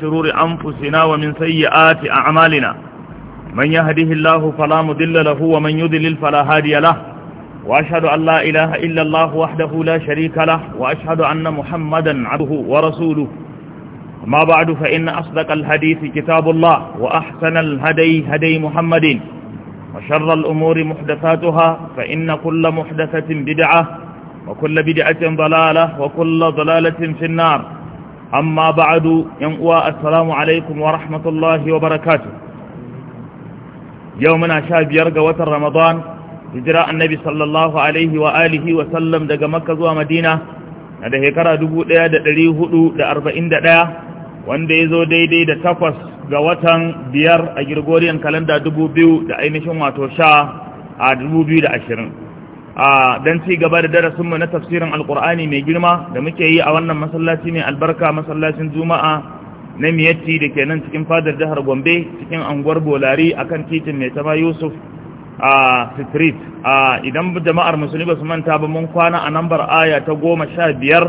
شرور أنفسنا ومن سيئات أعمالنا من يهده الله فلا مضل له ومن يضلل فلا هادي له وأشهد أن لا إله إلا الله وحده لا شريك له وأشهد أن محمدا عبده ورسوله ما بعد فإن أصدق الحديث كتاب الله وأحسن الهدي هدي محمد وشر الأمور محدثاتها فإن كل محدثة بدعة وكل بدعة ضلالة وكل ضلالة في النار amma ba'adu yan uwa assalamu alaikum wa rahmatullahi wa barakatu. yau muna sha biyar ga watan ramadan hijira annabi sallallahu alaihi wa alihi wa sallam daga makka zuwa madina na da shekara 1441 wanda ya zo daidai da takwas ga watan biyar a girgoriyan kalanda 2000 da ainihin wato sha a 2020 a don ci gaba da darasinmu na tafsirin alkur'ani mai girma da muke yi a wannan masallaci mai albarka masallacin juma'a na miyatti da ke nan cikin fadar jihar gombe cikin anguwar bolari a kan titin mai tama yusuf a street a idan jama'ar musulmi ba su manta ba mun kwana a nambar aya ta goma sha biyar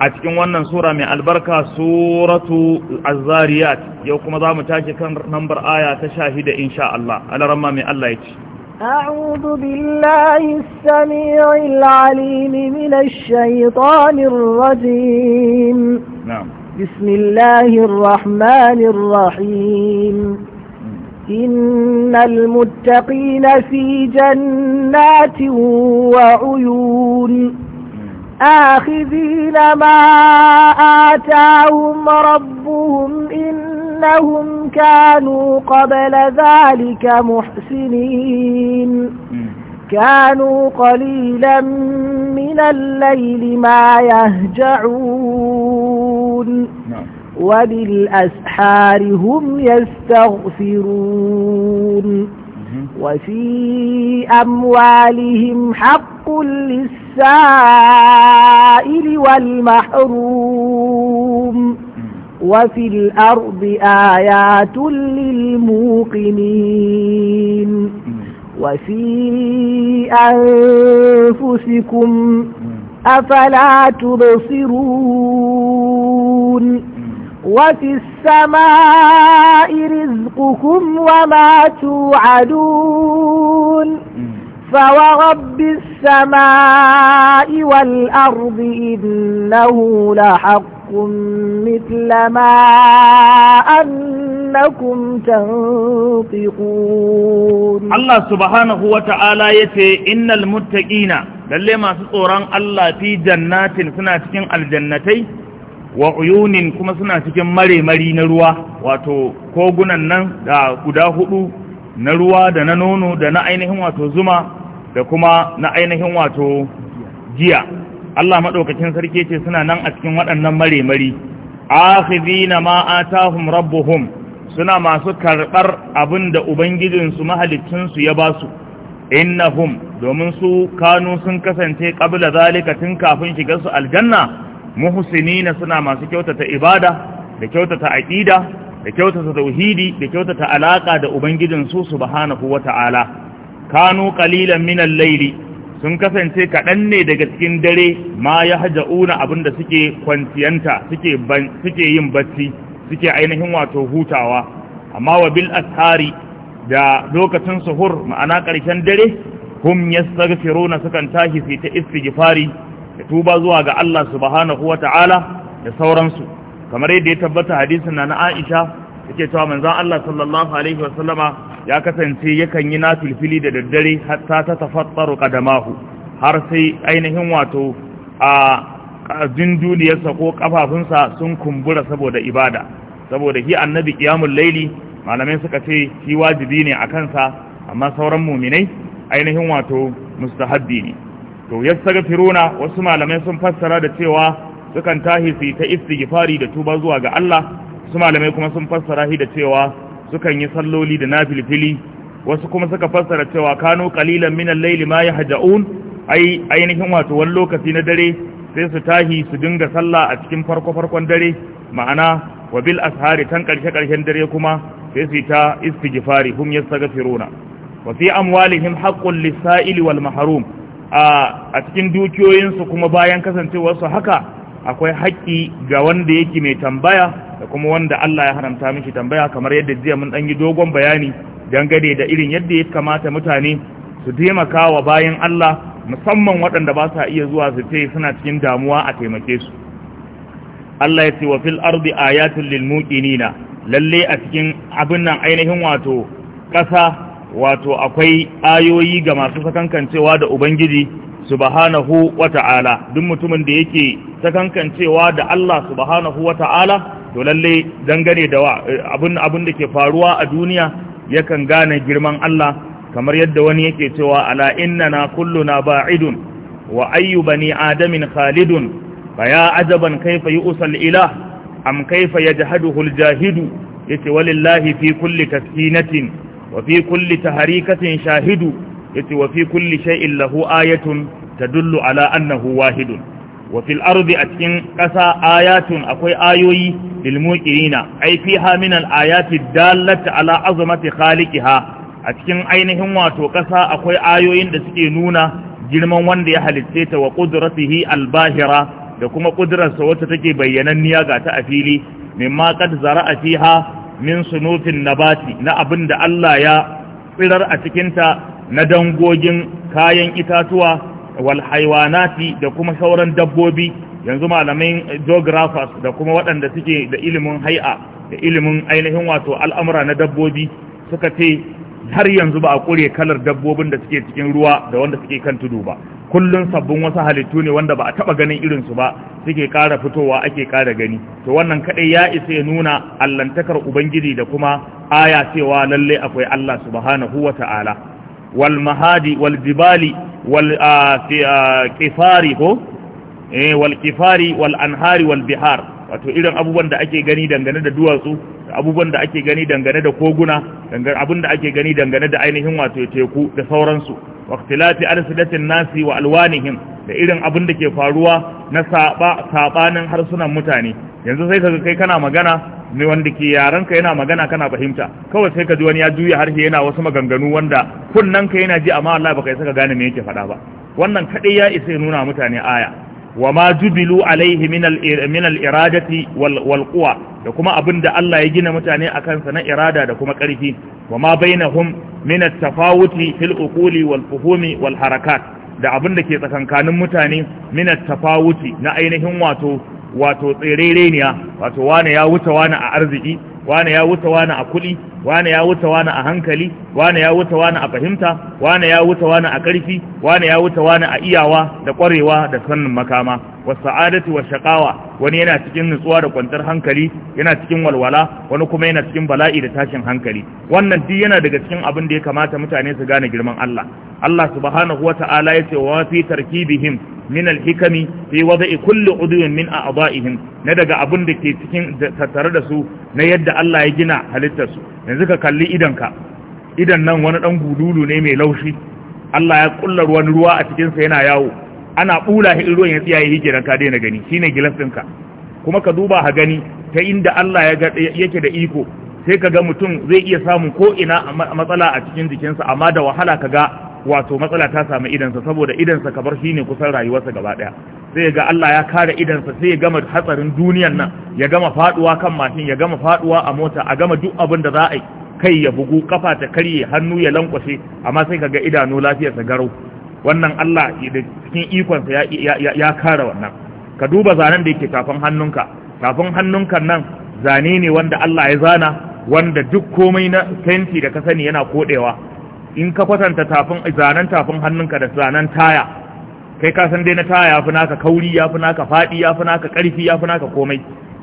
a cikin wannan sura mai albarka suratu azariyat yau kuma za mu tashi kan nambar aya ta sha shida insha Allah alarama mai Allah ya ci أعوذ بالله السميع العليم من الشيطان الرجيم نعم بسم الله الرحمن الرحيم إن المتقين في جنات وعيون آخذين ما آتاهم ربهم إن إنهم كانوا قبل ذلك محسنين كانوا قليلا من الليل ما يهجعون نعم. وبالأسحار هم يستغفرون وفي أموالهم حق للسائل والمحروم وفي الأرض آيات للموقنين وفي أنفسكم أفلا تبصرون وفي السماء رزقكم وما توعدون فورب السماء والأرض إنه لحق لكم مثل ما أنكم تنطقون الله سبحانه وتعالى يتي إن المتقين للي ما سطوران الله في جنات سنة cikin aljannatai wa kuma suna cikin maremari na ruwa wato kogunan nan da guda hudu na ruwa da na nono da na ainihin wato zuma da kuma na ainihin wato jiya. Allah madaukakin sarki ce suna nan a cikin waɗannan maremari akhizina ma atahum rabbuhum suna masu karɓar abin da ubangijinsu mahalicinsu ya ba su innahum domin su kanu sun kasance kabla zalika tun kafin shiga su aljanna muhsinina suna masu kyautata ibada da kyautata aƙida, da kyautata tauhidi da kyautata alaƙa da ubangijinsu subhanahu wata'ala kanu qalilan min al-layli sun kasance kaɗan ne daga cikin dare ma ya haja una abinda suke kwanciyanta suke yin bacci suke ainihin wato hutawa amma wa bil ashari da lokacin suhur ma'ana ƙarshen dare hum yastaghfiruna sukan tashi su ta istighfari da tuba zuwa ga Allah subhanahu wata'ala da sauransu kamar yadda ya tabbata hadisin na na Aisha yake cewa manzon Allah sallallahu alaihi wa sallama. ya kasance yakan yi nafilfili da daddare hatta ta tafattaru kadamahu har sai ainihin wato a duniyarsa ko kafafunsa sun kumbura saboda ibada saboda shi annabi qiyamul laili malamai suka ce shi wajibi ne a kansa amma sauran muminai ainihin wato mustahabbi ne to ya yastaghfiruna wasu malamai sun fassara da cewa sukan tahi su ta istighfari da tuba zuwa ga Allah su malamai kuma sun fassara shi da cewa sukan yi salloli da na filifili wasu kuma suka fassara cewa kano kalilan minan al-layli ma ainihin wato wani lokaci na dare sai su tahi su dinga sallah a cikin farko farkon dare ma'ana wa bil ashari tan karshe karshen dare kuma sai su ta istighfari hum firona wa fi amwalihim haqqun lis-sa'ili wal mahrum a cikin dukiyoyinsu kuma bayan kasancewarsu haka akwai haƙƙi ga wanda yake mai tambaya da kuma wanda Allah ya haramta miki tambaya kamar yadda jiya mun dan yi dogon bayani dangane da irin yadda ya kamata mutane su taimaka wa bayan Allah musamman waɗanda ba sa iya zuwa su ce suna cikin damuwa a taimake su Allah ya ce wa fil ardi ayatul lil muqinina lalle a cikin abin nan ainihin wato ƙasa wato akwai ayoyi ga masu sakankancewa da ubangiji subhanahu wa ta'ala duk mutumin da yake sakankancewa da Allah subhanahu wa ta'ala to lalle dangane da abin abin da ke faruwa a duniya yakan gane girman Allah kamar yadda wani yake cewa ala innana kulluna ba'idun wa ayyu bani adamin khalidun fa ya ajaban kaifa yu'sal ilah am kaifa yajhaduhu aljahidu yace walillahi fi kulli taskinatin wa fi kulli taharikatin shahidu yace wa fi kulli shay'in lahu ayatun tadullu ala annahu wahidun wa fil ardi a cikin ƙasa ayatun akwai ayoyi lil muqirina ai fiha min al ayati dallata ala azamati khaliqiha a cikin ainihin wato ƙasa akwai ayoyin da suke nuna girman wanda ya halitce ta wa ƙudratihi albahira da kuma ƙudurarsa wacce take bayyananniya ga ta a fili mimma qad zara'a fiha min sunufin nabati na abin da Allah ya tsirar a cikin ta na dangogin kayan itatuwa wal da kuma sauran dabbobi yanzu malamin geographers da kuma waɗanda suke da ilimin hai'a da ilimin ainihin wato al'amura na dabbobi suka ce har yanzu ba a ƙure kalar dabbobin da suke cikin ruwa da wanda suke kan tudu ba kullun sabbin wasu halittu ne wanda ba a taɓa ganin irinsu ba suke ƙara fitowa ake ƙara gani to wannan kaɗai ya isa ya nuna allantakar ubangiji da kuma aya cewa lalle akwai allah subhanahu wa ta'ala wal mahadi wal jibali wal ah, ah, kifari ko eh wal kifari wal anhari wal bihar wato irin abubuwan da ake gani dangane da duwatsu abubuwan da ake gani dangane da koguna abin da ake gani dangane da ainihin wato teku da sauransu waktilati arsilatin nasi wa alwanihim da irin abin da ke faruwa na saɓanin harsunan mutane yanzu sai kaga kai kana magana ne wanda ke yaran ka yana magana kana fahimta kawai sai ka ji wani ya juya harshe yana wasu maganganu wanda kunnen ka yana ji amma Allah baka isa ka gane me yake faɗa ba wannan kadai ya isa ya nuna mutane aya wa ma jubilu alaihi min al-iradati wal quwa da kuma abinda Allah ya gina mutane akan sa na irada da kuma ƙarfi wa ma bainahum min at-tafawuti fil uquli wal fuhumi wal harakat da abinda ke tsakankanin mutane min at-tafawuti na ainihin wato wato tserereniya wato wane ya wuce wane a arziki wane ya wuce wane a kuli wane ya wuce wane a hankali wane ya wuce wane a fahimta wane ya wuce wane a ƙarfi wane ya wuce wane a iyawa da ƙwarewa da sannin makama wa sa'adatu wa Shaƙawa. wani yana cikin nutsuwa da kwantar hankali yana cikin walwala wani kuma yana cikin bala'i da tashin hankali wannan duk yana daga cikin abin da ya kamata mutane su gane girman Allah Allah subhanahu wata'ala ya ce wa fi tarkibihim min al-hikami fi wada'i kulli udwin min a'dha'ihim na daga abin da ke cikin tattare da su na yadda Allah ya gina halittar su yanzu ka kalli idanka idan nan wani dan gululu ne mai laushi Allah ya kullar wani ruwa a cikin sa yana yawo ana bula shi ruwan ya tsiyaye hikiran ka daina gani shine gilas ka. kuma ka duba ha gani ta inda Allah ya yake da iko sai ka ga mutum zai iya samun ko ina matsala a cikin jikinsa amma da wahala ka ga wato matsala ta samu idansa saboda idansa kabar shine kusan rayuwarsa gaba ɗaya. sai ga Allah ya kare idansa sai ya gama hatsarin duniyan nan ya gama faduwa kan mashin ya gama faduwa a mota a gama duk abin da za a kai ya bugu kafa ta karye hannu ya lankwashe amma sai ka ga idanu lafiyarsa garau wannan Allah da cikin ikonsa ya kare wannan ka duba zanen da yake kafin hannunka kafin hannunka nan zane ne wanda Allah ya zana wanda duk komai na fenti da ka sani yana kodewa in ka kwatanta tafin zanen tafin hannunka da zanen taya kai ka san dai na taya yafi naka kauri yafi naka fadi yafi naka karfi yafi naka komai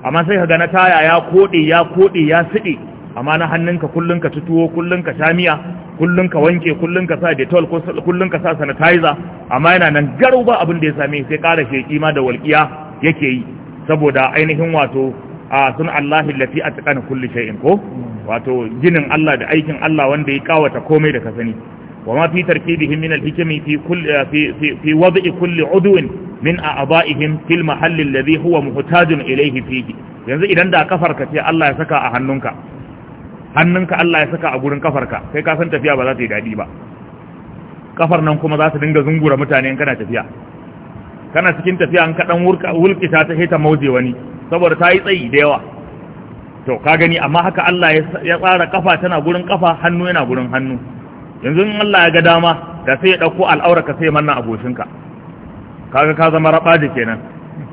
amma sai ka ga na taya ya kode ya kode ya sidi amma na hannunka kullun ka tutuwo kullun ka shamiya kullun ka wanke kullun ka sa detol kullun ka sa sanitizer amma yana nan garau ba abin da ya same sai kara sheki kima da walƙiya yake yi saboda ainihin wato a sun Allah lati a tsakanin kulli shay'in ko wato ginin Allah da aikin Allah wanda ya kawata komai da ka sani wa ma fi tarkibihim min al-hikmi fi kulli fi fi wad'i kulli udwin min a'dha'ihim fil mahall alladhi huwa muhtajun ilayhi fihi yanzu idan da kafar ka ce Allah ya saka a hannunka hannunka Allah ya saka a gurin kafarka kai ka san tafiya ba za ta yi daɗi ba kafar nan kuma za ta dinga zungura mutane in kana tafiya kana cikin tafiya an kaɗan wulkita ta heta mauje wani saboda ta yi tsayi da yawa to ka gani amma haka Allah ya tsara kafa tana gurin kafa hannu yana gurin hannu yanzu in Allah ya ga dama da sai ya ɗauko ka sai manna abokinka kaga ka zama raba da kenan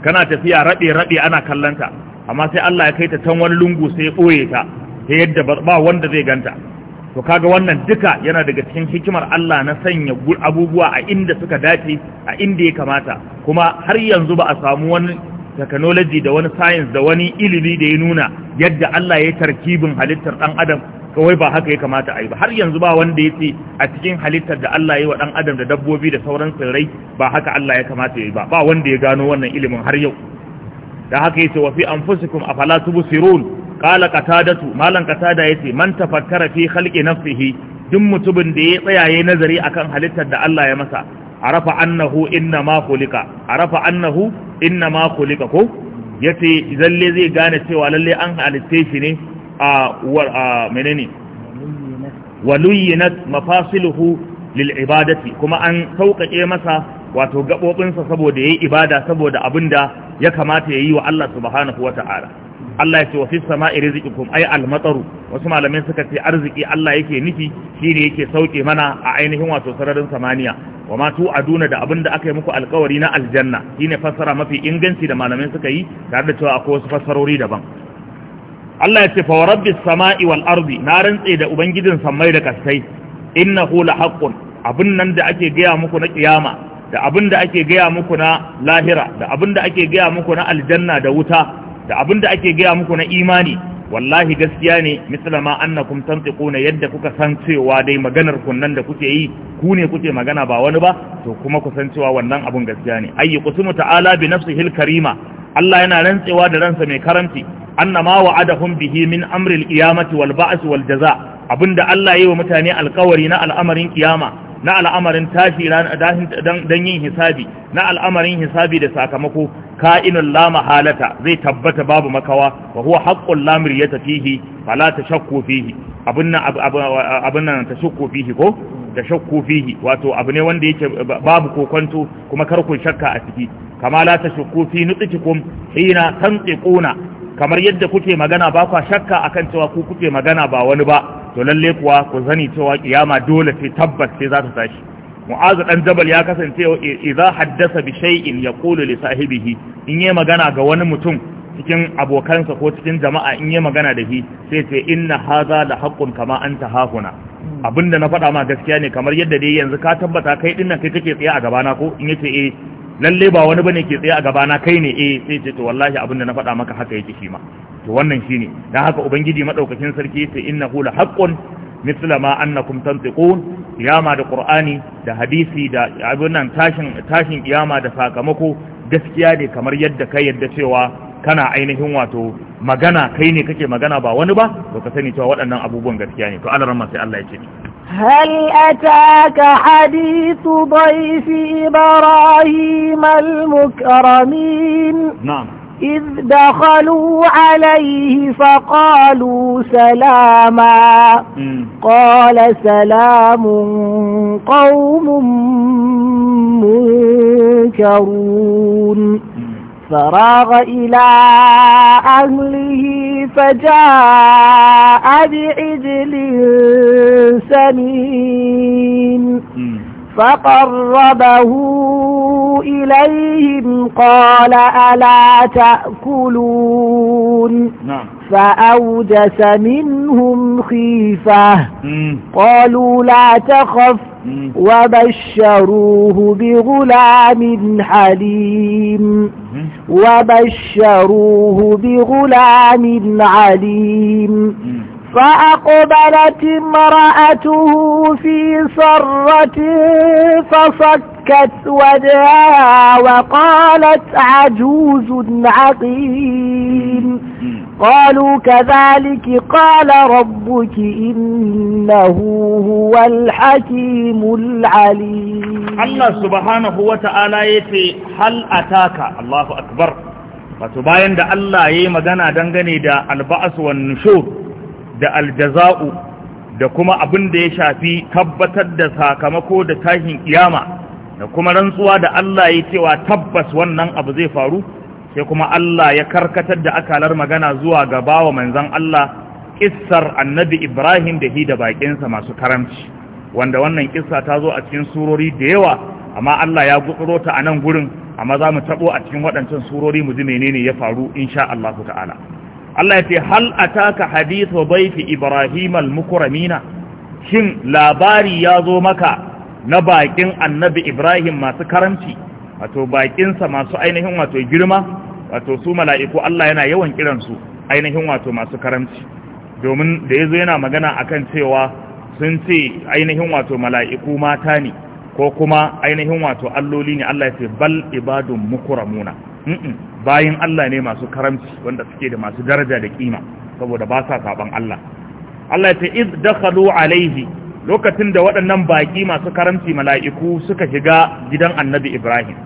kana tafiya rabe rabe ana kallanta amma sai Allah ya kai ta can wani lungu sai ya ɓoye ta ta yadda ba wanda zai ganta to kaga wannan duka yana daga cikin hikimar Allah na sanya abubuwa a inda suka dace a inda ya kamata kuma har yanzu ba a samu wani technology da wani science da wani ilimi da ya nuna yadda Allah ya tarkibin halittar dan adam kawai ba haka ya kamata a yi ba har yanzu ba wanda ya ce a cikin halittar da Allah ya yi wa ɗan adam da dabbobi da sauran tsirrai ba haka Allah ya kamata ya yi ba ba wanda ya gano wannan ilimin har yau da haka ya ce wa fi anfusikum afala tubsirun qala qatadatu malan qatada yace man tafakkara fi khalqi nafsihi duk mutumin da ya tsaya nazari akan halittar da Allah ya masa arafa annahu inna ma khuliqa arafa annahu inna ma khuliqa ko yace zalle zai gane cewa lalle an halitte shi ne a menene waluyinat mafasiluhu lil ibadati kuma an sauƙaƙe masa wato gaɓoɓinsa saboda yayi ibada saboda abinda ya kamata yayi wa Allah subhanahu wata'ala Allah ya ce wa fis sama'i rizqikum ay al mataru wasu malamai suka ce arziki Allah yake nufi shine yake sauke mana a ainihin wato sararin samaniya wa ma tu aduna da abinda aka yi muku alkawari na aljanna shine fassara mafi inganci da malamai suka yi tare da cewa akwai wasu fassarori daban Allah ya ce fa rabbis sama'i wal ardi na rantse da ubangijin sammai da kasai innahu la haqqun abin nan da ake gaya muku na kiyama da abin da ake gaya muku na lahira da abin da ake gaya muku na aljanna da wuta da abin da ake gaya muku na imani wallahi gaskiya ne misalama annakum tantiquna yadda kuka san cewa dai maganar nan da kuke yi ku ne kuke magana ba wani ba to kuma ku san cewa wannan abun gaskiya ne ayyu qusmu ta'ala bi nafsihi karima Allah yana rantsewa da ransa mai karanti. annama wa'adahum bihi min amri al-qiyamati wal ba'th wal jaza abinda Allah yayi wa mutane alƙawari na al'amarin kiyama na al'amarin tashi don yin hisabi na al'amarin hisabi da sakamako ka'inun Lama Halata zai tabbata babu makawa wa huwa haqqul la miryata fihi fala tashakku fihi abun nan ta shakku tashakku fihi ko tashakku fihi wato abu ne wanda yake babu kokonto kuma kar ku shakka a ciki kama la ta shakku fi nutqikum hina tantiquna kamar yadda kuke magana ba kwa shakka akan cewa ku kuke magana ba wani ba to lalle kuwa ku sani cewa kiyama dole sai tabbas sai za ta tashi mu'azu dan jabal ya kasance idza haddasa bi shay'in yaqulu li sahibihi in yayi magana ga wani mutum cikin abokansa ko cikin jama'a in yi magana da shi sai ce inna haza da haƙƙun kama an ta hahuna abinda na faɗa ma gaskiya ne kamar yadda dai yanzu ka tabbata kai ɗin kai kake tsaye a gabana ko in yace eh lalle ba wani bane ke tsaye a gabana kai ne eh sai ce to wallahi abin da na faɗa maka haka yake shi ma to wannan shine dan haka ubangiji madaukakin sarki yace innahu la haqqun mithla ma annakum tantiqun kiyama da qur'ani da hadisi da abin nan tashin tashin kiyama da sakamako gaskiya ne kamar yadda kai yadda cewa kana ainihin wato magana kai ne kake magana ba wani ba to ka sani cewa waɗannan abubuwan gaskiya ne to alaran ma sai Allah ya ce هل أتاك حديث ضيف إبراهيم المكرمين نعم إذ دخلوا عليه فقالوا سلاما قال سلام قوم منكرون مم. فراغ إلى أهله فجاء بعجل سمين فقربه إليهم قال ألا تأكلون نعم. فأوجس منهم خيفة قالوا لا تخف وبشروه بغلام حليم وبشروه بغلام عليم فأقبلت امرأته في صرة فصكت وجهها وقالت عجوز عقيم قالوا كذلك قال ربك إنه هو الحكيم العليم الله سبحانه وتعالى يتي هل أتاك الله أكبر فتباين دا الله يمدنا دنغني دا البعث والنشور da aljaza'u da kuma abin da ya shafi tabbatar da sakamako da tashin kiyama da kuma rantsuwa da Allah ya cewa tabbas wannan abu zai faru sai kuma Allah ya karkatar da akalar magana zuwa ga bawa manzon Allah kissar annabi Ibrahim da hida da bakinsa masu karamci wanda wannan kissa ta zo a cikin surori da yawa amma Allah ya gutsuro ta a nan gurin amma za mu tabo a cikin waɗancan surori mu ji menene ya faru insha Allah ta'ala Allah ya ce hal ataka hadithu dayfi ibrahim al-mukramina shin labari ya zo maka na bakin annabi ibrahim masu karamci wato sa masu ainihin wato girma wato su mala'iku Allah yana yawan kiransu ainihin wato masu karamci domin da yazo yana magana akan cewa sun ce ainihin wato mala'iku mata ne ko kuma ainihin wato alloli ne Allah ya ce bal ibadun mukramuna mm bayin Allah ne masu karamci wanda suke da masu daraja da kima saboda ba sa saban Allah Allah ya ce iz dakhalu alaihi lokacin da waɗannan baki masu karamci mala'iku suka shiga gidan Annabi Ibrahim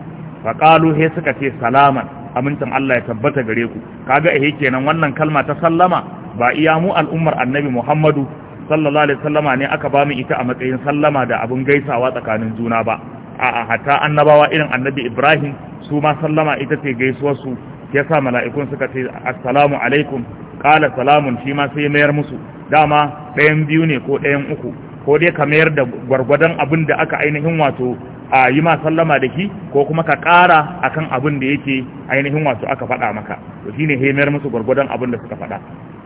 faqalu he suka ce salaman amincin Allah ya tabbata gare ku kaga eh kenan wannan kalma ta sallama ba iya mu al'ummar Annabi Muhammadu sallallahu alaihi wasallama ne aka ba mu ita a matsayin sallama da abun gaisawa tsakanin juna ba A'a, hata annabawa irin annabi ibrahim su ma sallama ita ce gaisuwarsu ya sa mala'ikun suka ce assalamu alaikum ƙala salamun shi ma sai mayar musu dama ɗayan biyu ne ko ɗayan uku ko dai ka mayar da gwargwadon abin da aka ainihin wato a yi ma sallama da ki ko kuma ka ƙara akan abin da yake ainihin wato aka faɗa maka to shine he mayar musu gwargwadon abin da suka faɗa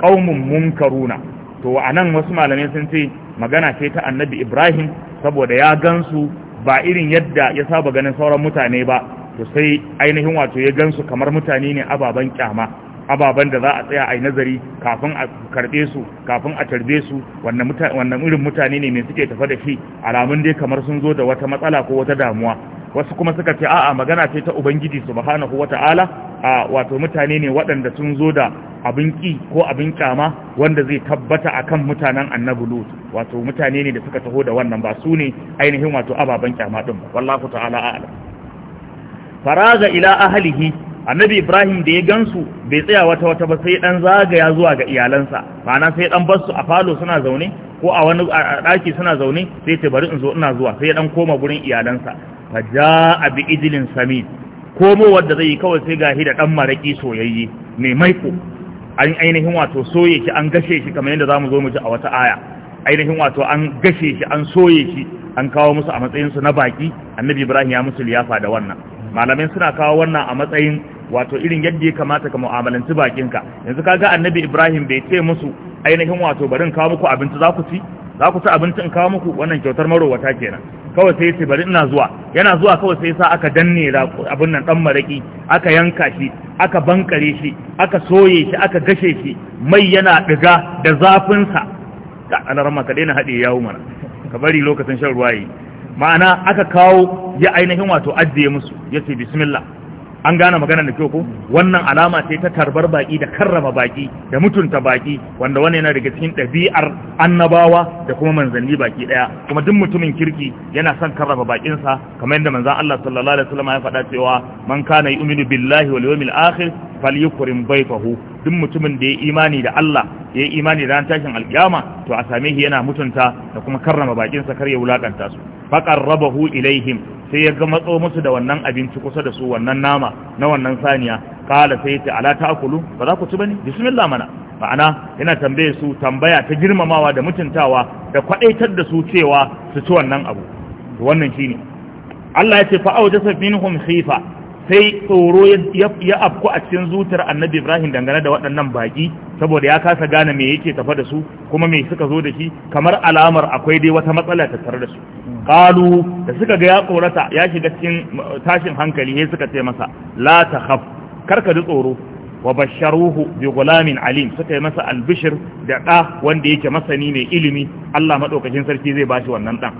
qaumun munkaruna to a nan wasu malamai sun ce magana ce ta annabi ibrahim saboda ya gansu ba irin yadda ya saba ganin sauran mutane ba wato sai ainihin wato ya gansu kamar mutane ne ababen kyama ababen da za a tsaya a yi nazari kafin a karbe su kafin a tarbe su wannan irin mutane ne mai suke tafa da shi alamun dai kamar sun zo da wata matsala ko wata damuwa wasu kuma suka ce a'a magana ce ta ubangiji subhanahu wata'ala a wato mutane ne waɗanda sun zo da abin ki ko abin kyama wanda zai tabbata akan mutanen annabi lut wato mutane ne da suka taho da wannan ba su ne ainihin wato ababen kyama din ba wallahu ta'ala a'lam ga ila ahlihi annabi ibrahim da ya gansu bai tsaya wata wata ba sai dan zagaya zuwa ga iyalansa ma'ana sai dan bar su a falo suna zaune ko a wani daki suna zaune sai ta bari in zo ina zuwa sai dan koma gurin iyalansa fa jaa bi idlin samid komo wanda zai yi kawai sai gahi da dan maraki soyayye mai maiko an ainihin wato soye shi an gashe shi kamar yadda zamu zo mu ji a wata aya ainihin wato an gashe shi an soye shi an kawo musu a su na baki annabi ibrahim ya musu liyafa da wannan malamai suna kawo wannan a matsayin wato irin yadda ya kamata ka mu'amalanci bakinka yanzu kaga annabi ibrahim bai ce musu ainihin wato bari in kawo muku abinci za ku ci za ku ci abinci in kawo muku wannan kyautar marowata kenan kawai sai ce bari ina zuwa yana zuwa kawai sai sa aka danne abin nan dan maraki aka yanka shi aka bankare shi aka soye shi aka gashe shi mai yana diga da zafin sa ka alarma ka daina hade yawo mana ka bari lokacin shan ruwa yi ma'ana aka kawo ya ainihin wato ajiye musu ya ce bismillah an gane maganar da kyau ko wannan alama ce ta tarbar baki da karrama baki da mutunta baki wanda wani yana daga cikin ɗabi'ar annabawa da kuma manzanni baki ɗaya kuma duk mutumin kirki yana son karrama bakinsa kamar yadda manzan Allah sallallahu alaihi wasallam ya faɗa cewa man kana yu'minu billahi wal yawmil akhir falyukrim baytahu duk mutumin da ya imani da Allah ya imani da ran tashin alkiyama to a same shi yana mutunta da kuma karrama bakinsa kar ya wulakanta su faqarrabahu ilaihim sai ya ga matso musu da wannan abinci kusa da su wannan nama na wannan saniya kala sai ta ala akulu ba za ku ci bane bismillah mana ma'ana yana tambaye su tambaya ta girmamawa da mutuntawa da kwadaitar da su cewa su ci wannan abu wannan shine Allah ya ce fa awjasa minhum khifa sai tsoro ya afku a cikin zuciyar annabi ibrahim dangane da waɗannan baƙi saboda ya kasa gane me yake tafa da su kuma me suka zo da shi kamar alamar akwai dai wata matsala tare da su qalu da suka ga ya tsorata ya shiga cikin uh, tashin hankali sai suka ce masa la ta haf karka ji tsoro wa basharuhu bi gulamin alim suka yi masa albishir da ɗa wanda yake masani mai ilimi Allah madaukakin sarki zai bashi wannan ɗan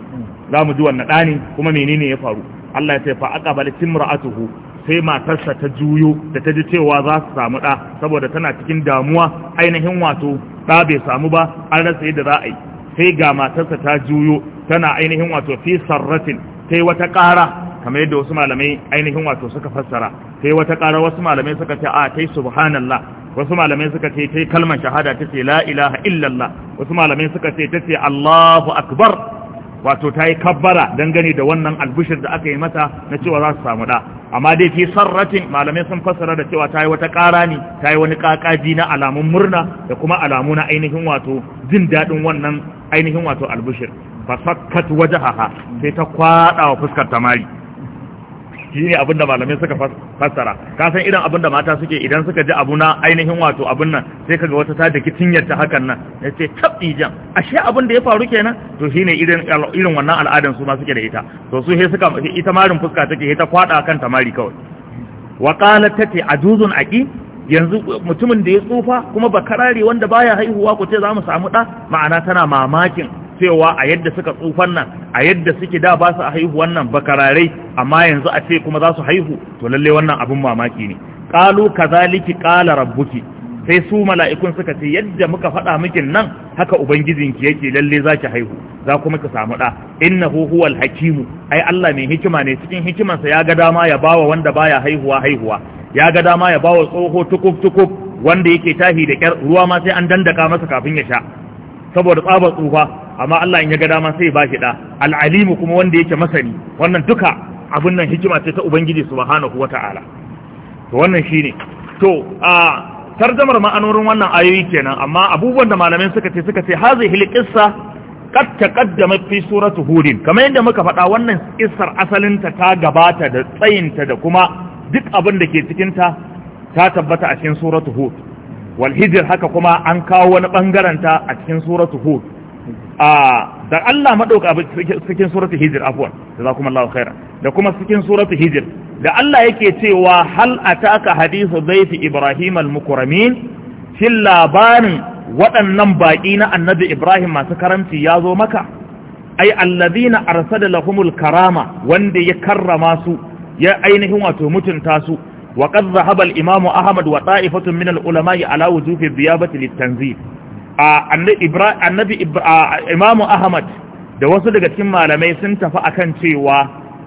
za mu ji wannan ɗa ne kuma menene ya faru Allah ya ce fa aqbala timra'atuhu sai matarsa ta juyo da ta ji cewa za su samu ɗa saboda tana cikin damuwa ainihin wato ɗa bai samu ba an rasa yadda za a yi sai ga matarsa ta juyo tana ainihin wato fi sarratin sai wata ƙara kamar yadda wasu malamai ainihin wato suka fassara sai wata ƙara wasu malamai suka ce a tai subhanallah wasu malamai suka ce tai kalmar shahada tace la ilaha illallah wasu malamai suka ce tace Allahu akbar wato ta yi kabbara dangane da wannan albishir da aka yi mata na cewa za su samu da amma dai fi sarratin malamai sun fassara da cewa tayi wata ƙara ne tayi wani kakaji na alamun murna da kuma alamu na ainihin wato jin daɗin wannan ainihin wato albishir fasakkat wajahaha sai ta kwada wa fuskar tamari shine abin da malamai suka fassara ka san irin da mata suke idan suka ji abu na ainihin wato abin nan sai kaga wata ta daki ta hakan nan ya ce tabbi jan ashe abin da ya faru kenan to shine irin irin wannan al'adan su ma suke da ita to su he suka ita marin fuska take ta kwada kan tamari kawai wa qalat tati ajuzun aqi yanzu mutumin da ya tsufa kuma bakarare wanda baya haihuwa ko ce za samu da ma'ana tana mamakin cewa a yadda suka tsufan nan a yadda suke da ba su haihu wannan bakararai amma yanzu a ce kuma za su haihu to lalle wannan abin mamaki ne qalu kazaliki qala rabbuki sai su mala'ikun suka ce yadda muka faɗa miki nan haka ubangijinki yake lalle zaki haihu za kuma ka samu ɗa innahu huwal hakimu ai Allah mai hikima ne cikin hikimansa ya ga dama ya bawa wanda baya haihuwa haihuwa ya ga dama ya bawa tsoho tukuf tukuf wanda yake tahi da kyar ruwa ma sai an dandaka masa kafin ya sha saboda tsabar tsufa amma Allah in ya ga dama sai ba shi da al'alimu kuma wanda yake masani wannan duka abin nan hikima ce ta ubangiji subhanahu wata'ala to wannan shine to a tarjamar ma'anorin wannan ayoyi kenan amma abubuwan da malamai suka ce suka ce hazihi al-qissa qad taqaddama fi surati hud kamar yadda muka faɗa wannan kissar asalinta ta gabata da tsayinta da kuma duk abin da ke cikin ta ta tabbata a cikin suratu hud wal hijr haka kuma an kawo wani bangaren ta a cikin suratu hud a da Allah madauka cikin suratul hijr afwan jazakumullahu khairan da kuma cikin suratul hijr da Allah yake cewa hal ataka hadithu dhayfi ibrahim al-mukramin shin labarin waɗannan baƙi na annabi ibrahim masu karamci ya zo maka ai allazina arsala lahumul karama wanda ya karrama su ya ainihin wato mutunta su wa qad zahaba al-imamu ahmad wa ta'ifatun min al-ulama'i ala wujubi dhiyabati lit-tanzil annabi imamu ahmad da wasu daga cikin malamai sun tafi akan cewa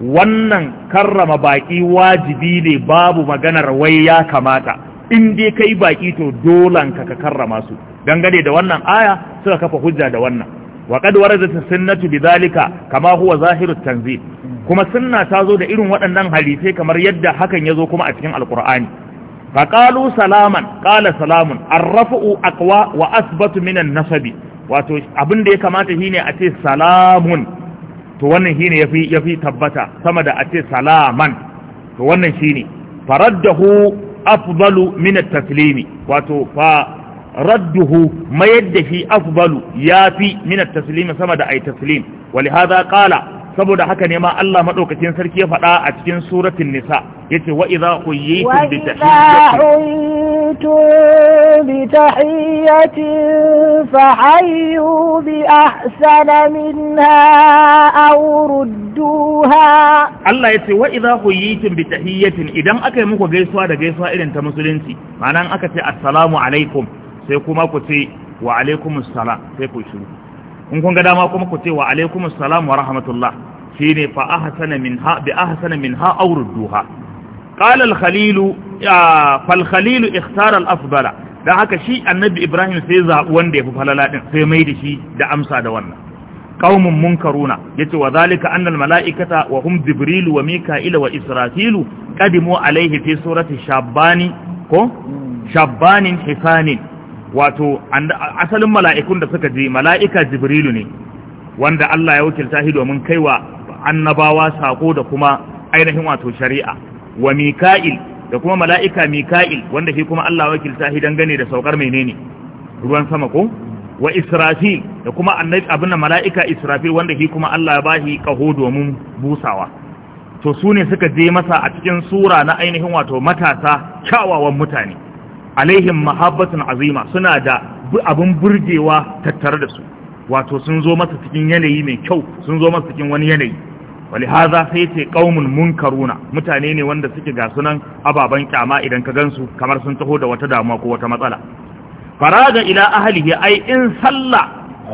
wannan karrama baki wajibi ne babu maganar wai ya kamata in dai kai baki to dolan ka ka karrama su dangane da wannan aya suka kafa hujja da wannan wa qad warazat sunnatu bidhalika kama huwa zahirut tanzil kuma sunna ta zo da irin waɗannan hadisai kamar yadda hakan ya zo kuma a cikin alqur'ani فقالوا سلاما قال سلام الرفع أقوى وأثبت من النسب wato abin da ya kamata shine a ce salamun to wannan shine yafi yafi tabbata sama da a ce salaman to wannan shine faraddahu afdalu min at-taslimi wato fa radduhu mayar da shi afdalu yafi min at-taslimi sama da ay taslim walihada qala saboda haka ne ma Allah maɗaukacin sarki ya faɗa a cikin suratul nisa yace wa idza quyitum bi tahiyyatin bi tahiyyatin yace bi tahiyyatin idan aka yi muku gaisuwa da gaisuwa irin ta musulunci ma'anan aka ce assalamu alaikum sai kuma ku ce wa alaikumus salam sai ku shiru in kun ga dama kuma ku ce wa alaikum assalam wa rahmatullah shine fa ahsana minha bi ahsana minha aw rudduha qala al-khalil fal khalil ikhtara al-afdala da haka shi annabi ibrahim sai zabi wanda yafi falala din sai mai da shi da amsa da wannan qaumun munkaruna yace wa zalika anna al-mala'ikata wa hum jibril wa mika'ila wa israfilu qadimu alayhi fi surati shabbani ko shabbanin hifanin wato asalin mala'ikun da suka je mala'ika jibrilu ne wanda Allah ya wakilta shi domin kaiwa annabawa sako da kuma ainihin wato shari'a wa mika'il da kuma mala'ika mika'il wanda shi kuma Allah wakilta shi dangane da saukar menene ruwan sama ko wa israfil da kuma annabi abin da mala'ika israfil wanda shi kuma Allah ya bashi kaho domin busawa to su ne suka je masa a cikin sura na ainihin wato matasa kyawawan mutane alaihim mahabbatun azima suna da abin burgewa tattare da su wato sun zo masa cikin yanayi mai kyau sun zo masa cikin wani yanayi wali haza sai ce qaumun munkaruna mutane ne wanda suke ga sunan ababan kyama idan ka gansu kamar sun taho da wata damuwa ko wata matsala faraga ila ahlihi ai in salla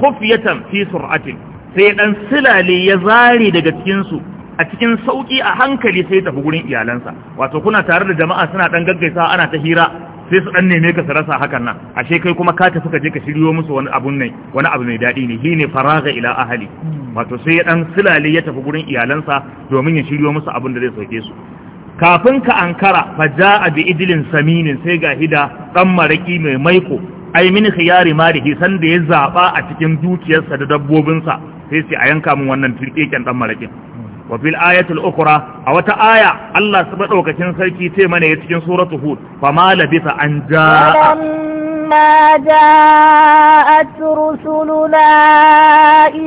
khufyatan fi sur'atin sai dan silale ya zare daga cikin su a cikin sauki a hankali sai tafi gurin iyalansa wato kuna tare da jama'a suna dan gaggaisa ana ta hira sai su dan neme ka su rasa hakan nan ashe kai kuma ka tafi ka je ka shiryo musu wani abun nan wani abu mai dadi ne shine faraga ila ahli hmm. wato sai ya dan silali ya tafi gurin iyalansa domin ya shiryo musu abun da zai sauke su kafin ka ankara fa jaa bi idlin saminin sai ga hida dan maraki mai maiko ai min khiyari malihi san da ya zaba a cikin dukiyarsa da dabbobinsa sai sai a yanka min wannan tirkeken dan marakin hmm. wa ayatul ukura a wata aya Allah su wa ta'ala sarki ce mana ya cikin suratu hud fa ma labisa an jaa لما جاءت رسلنا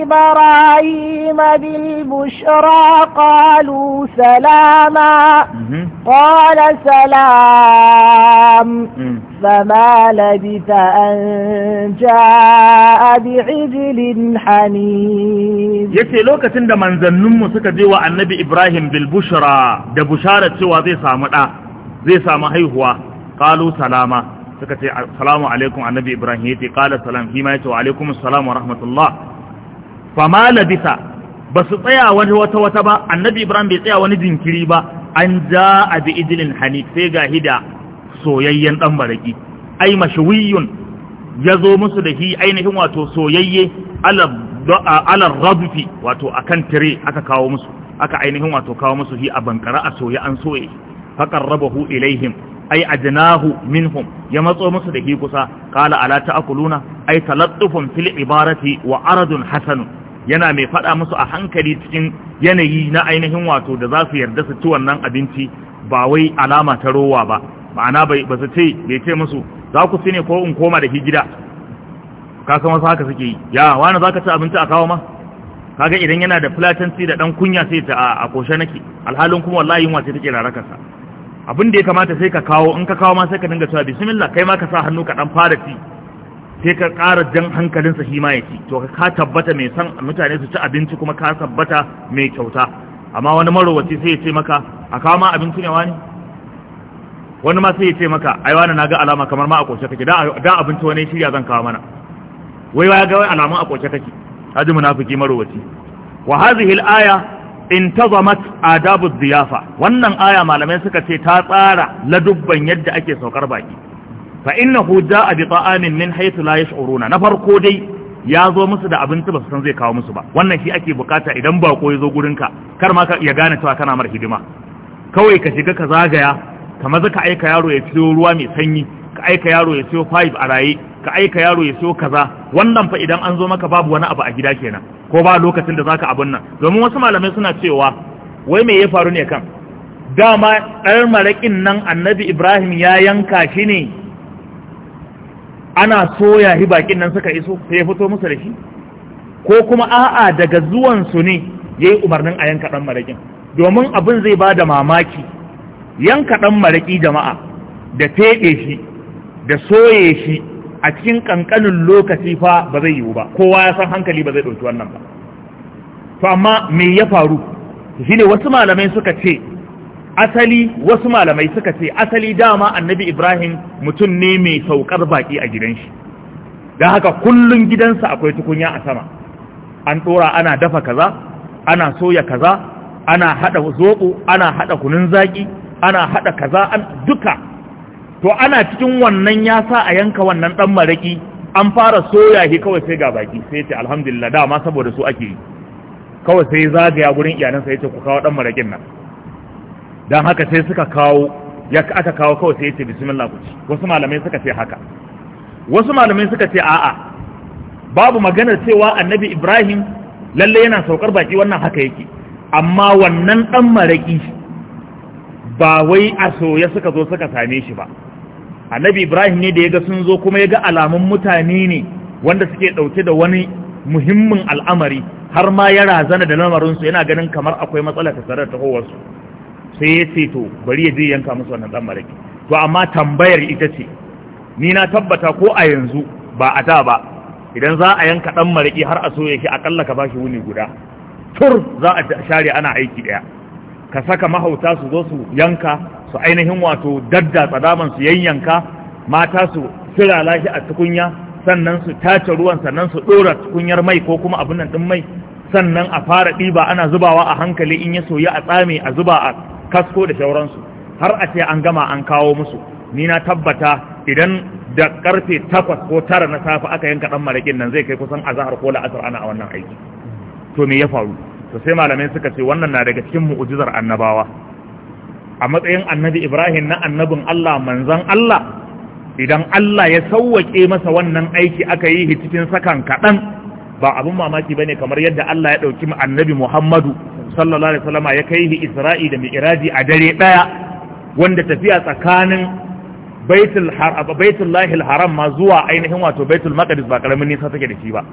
إبراهيم بالبشرى قالوا سلاما قال سلام فما لبث أن جاء بعجل حنيف yace lokacin da manzanninmu suka je wa annabi Ibrahim bil bushra da bushara cewa zai samu da zai samu haihuwa qalu salama suka ce assalamu alaikum annabi ibrahim yace qala salam shi ma yace wa alaikum assalam wa rahmatullah ma labisa ba su tsaya wani wata wata ba annabi ibrahim bai tsaya wani jinkiri ba an jaa bi ijlin hanif sai ga hida soyayyen dan baraki ai mashwiyun yazo musu da shi ainihin wato soyayye alal rabfi wato akan tire aka kawo musu aka ainihin wato kawo musu shi a bankara a soye an soye faqarrabahu ilaihim ai ajnahu minhum ya matso musu da ke kusa qala ala ta'kuluna ai talattufun fil ibarati wa aradun hasan yana mai faɗa musu a hankali cikin yanayi na ainihin wato da za su yarda su ci wannan abinci ba wai alama ta rowa ba ma'ana bai ba su ce bai ce musu za ku ne ko in koma da ke gida ka san wasu haka suke yi ya wani za ka ci abinci a kawo ma kaga idan yana da fulatanci da dan kunya sai ta a koshe nake alhalin kuma wallahi yunwa sai take rarakarsa abin da ya kamata sai ka kawo in ka kawo ma sai ka dinga cewa bismillah kai ma ka sa hannu ka dan fara ci sai ka ƙara jan hankalinsa shi ma ya ci to ka tabbata mai san mutane su ci abinci kuma ka tabbata mai kyauta amma wani marowaci sai ya ce maka a kawo ma abinci ne wani wani ma sai ya ce maka ai wani na ga alama kamar ma a ƙoshe kake da abinci wani shirya zan kawo mana wai ya ga alamun a ƙoshe kake haji munafiki marowaci wa hadhihi al-aya intazamat adabu ziyafa wannan aya malamai suka ce ta tsara ladubban yadda ake saukar baki fa innahu jaa bi ta'amin min haythu la yash'uruna na farko dai ya zo musu da abinci ba su san zai kawo musu ba wannan shi ake bukata idan bako ya zo gurinka kar ma ya gane cewa kana mar hidima kawai ka shiga ka zagaya kamar zaka aika yaro ya ciyo ruwa mai sanyi aika yaro ya siyo five a raye ka aika yaro ya siyo kaza wannan fa idan an zo maka babu wani abu a gida kenan ko ba lokacin da zaka abun nan domin wasu malamai suna cewa wai me ya faru ne kan dama ɗan maraƙin nan annabi ibrahim ya yanka shi ne ana soya hi bakin nan suka iso sai ya fito musu da shi ko kuma a'a daga zuwan su ne ya yi umarnin a yanka ɗan maraƙin domin abin zai ba da mamaki yanka ɗan maraƙi jama'a da teɗe shi da soye shi a cikin kankanin lokaci fa ba zai yiwu ba kowa ya san hankali ba zai ɗauki wannan ba to amma me ya faru ne wasu malamai suka ce asali wasu malamai suka ce asali dama annabi ibrahim mutum ne mai saukar baki a gidan shi don haka kullum gidansa akwai tukunya a sama an ɗora ana dafa kaza ana soya kaza ana haɗa zoɓo ana haɗa kunun zaƙi ana haɗa kaza an duka to ana cikin wannan ya sa a yanka wannan dan maraki an fara soya shi kawai sai ga baki sai ce alhamdulillah dama saboda su ake yi kawai sai zagaya gurin iyalansa ya ce ku kawo dan marakin nan dan haka sai suka kawo ya aka kawo kawai sai ya ce bismillah ku ci wasu malamai suka ce haka wasu malamai suka ce a'a babu maganar cewa annabi ibrahim lalle yana saukar baki wannan haka yake amma wannan dan maraki ba wai a soya suka zo suka same shi ba annabi ibrahim ne da ya ga sun zo kuma ya ga alamun mutane ne wanda suke ɗauke da wani muhimmin al'amari har ma ya razana da lamarinsu yana ganin kamar akwai matsala ta sarar ta kowarsu sai ya ce to bari ya je yanka musu wannan ɗan maraki to amma tambayar ita ce ni na tabbata ko a yanzu ba a da ba idan za a yanka ɗan maraki har a soya shi akalla ka bashi wuni guda tur za a share ana aiki ɗaya ka saka mahauta su zo su yanka su ainihin wato dadda tsadaman su yayyanka mata su sira lahi a tukunya sannan su tace ruwan sannan su dora tukunyar mai ko kuma abin nan din mai sannan a fara ɗiba ana zubawa a hankali in ya soya a tsame a zuba a kasko da shauransu har a ce an gama an kawo musu ni na tabbata idan da karfe takwas ko tara na safe aka yanka ɗan marakin nan zai kai kusan azahar ko la'asar ana a wannan aiki to me ya faru to sai malamai suka ce wannan na daga cikin mu'ujizar annabawa a matsayin annabi Ibrahim na annabin Allah manzan Allah idan Allah ya sauwake masa wannan aiki aka yi cikin sakan kaɗan ba abin mamaki ne kamar yadda Allah ya ɗauki annabi Muhammadu sallallahu alaihi wasallama ya kai shi Isra'i da Mi'raji a dare ɗaya wanda tafiya tsakanin baitul baitullahi haram ma zuwa ainihin wato baitul maqdis ba karamin nisa take da shi ba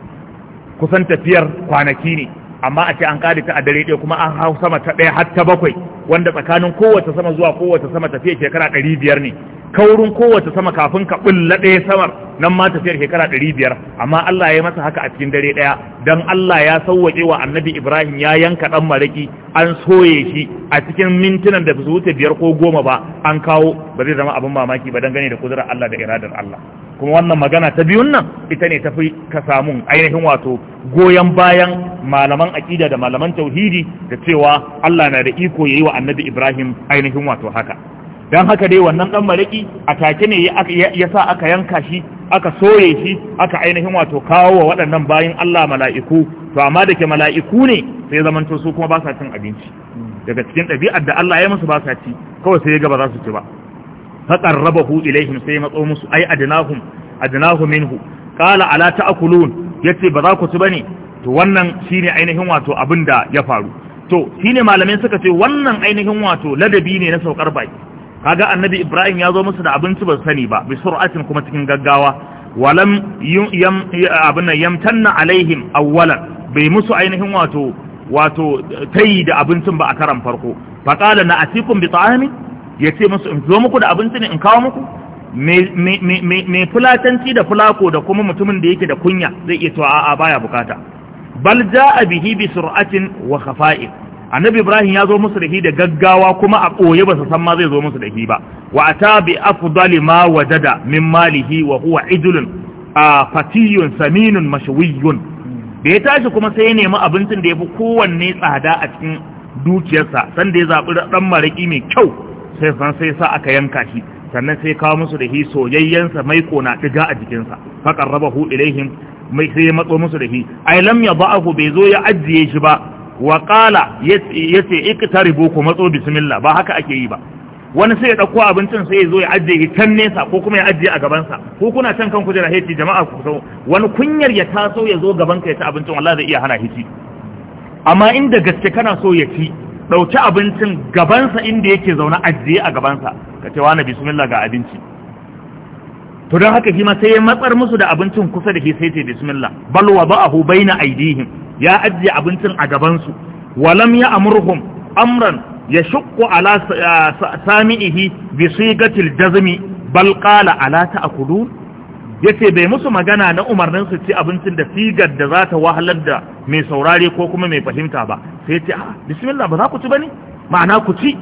kusan tafiyar kwanaki ne amma a ce an kare ta a dare ɗaya kuma an hau sama ta ɗaya har bakwai wanda tsakanin kowace sama zuwa kowace sama tafiya shekara ɗari biyar ne kaurin kowace sama kafin ka ɓulla ɗaya samar nan ma tafiyar shekara ɗari biyar amma Allah ya yi masa haka a cikin dare ɗaya don Allah ya sauwaƙe wa annabi Ibrahim ya yanka ɗan maraƙi an soye shi a cikin mintunan da su wuce biyar ko goma ba an kawo ba zai zama abin mamaki ba dangane da kudurar Allah da iradar Allah. kuma wannan magana ta biyun nan ita ne tafi ka samun ainihin wato goyon bayan malaman aƙida da malaman tauhidi da cewa Allah na da iko yayi wa annabi Ibrahim ainihin wato haka dan haka dai wannan dan malaki a take ne ya sa aka yanka shi aka soye shi aka ainihin wato kawo wa waɗannan bayin Allah mala'iku to amma da ke mala'iku ne sai zamanto su kuma ba sa cin abinci daga cikin ɗabi'ar da Allah ya musu ba sa ci kawai sai ya ga ba za su ci ba faqarrabahu ilaihim sai matso musu ai adnahum adnahu minhu qala ala ta'kulun yace ba za ku ci bane to wannan shine ainihin wato abinda ya faru to shine malamai suka ce wannan ainihin wato ladabi ne na saukar baki kaga annabi ibrahim ya zo musu da abinci ba sani ba bi sur'atin kuma cikin gaggawa walam yam abinna yamtanna alaihim awwalan bai musu ainihin wato wato tayi da abincin ba a karan farko faqala na atikum bi ta'amin ya ce musu in zo muku da abinci ne in kawo muku mai fulatanci da fulako da kuma mutumin da yake da kunya zai iya to a'a baya bukata bal a bihi bi sur'atin wa khafa'in annabi ibrahim ya zo musu da da gaggawa kuma a koye ba su san ma zai zo musu da shi ba wa atabi bi afdali ma wajada min malihi wa huwa idlun fatiyun saminun mashwiyun da ya tashi kuma sai ya nemi abincin da ya fi kowanne tsada a cikin dukiyarsa sanda ya zaɓi ɗan maraƙi mai kyau sai san sai sa aka yanka shi sannan sai kawo musu da shi soyayyensa mai kona diga a jikinsa faƙar raba hu ilaihim mai sai ya matso musu da shi ai lam ya ba'ahu bai zo ya ajiye shi ba wa qala yace iktaribu ku matso bismillah ba haka ake yi ba wani sai ya ɗauko abincin sai ya zo ya ajiye shi can nesa ko kuma ya ajiye a gabansa ko kuna can kan kujera heci jama'a ku so wani kunyar ya taso ya zo gaban ka ya ci abincin wallahi zai iya hana hici amma inda gaske kana so ya ci ɗauki abincin gabansa inda yake zaune ajiye a gabansa ka ce wani bismillah ga abinci to don haka shi ma sai ya matsar musu da abincin kusa da shi sai ce bismillah bal wa ba'ahu baina aidihim ya ajiye abincin a gabansu walam ya amurhum amran ya shukku ala ah, sami'ihi bi sigatil jazmi bal qala ala ta'kulun yace bai musu magana na umarnin su ci abincin da sigar da za ta wahalar da mai saurare ko kuma mai fahimta ba sai ce a ah, bismillah ba za ku ci bane ma'ana ku ci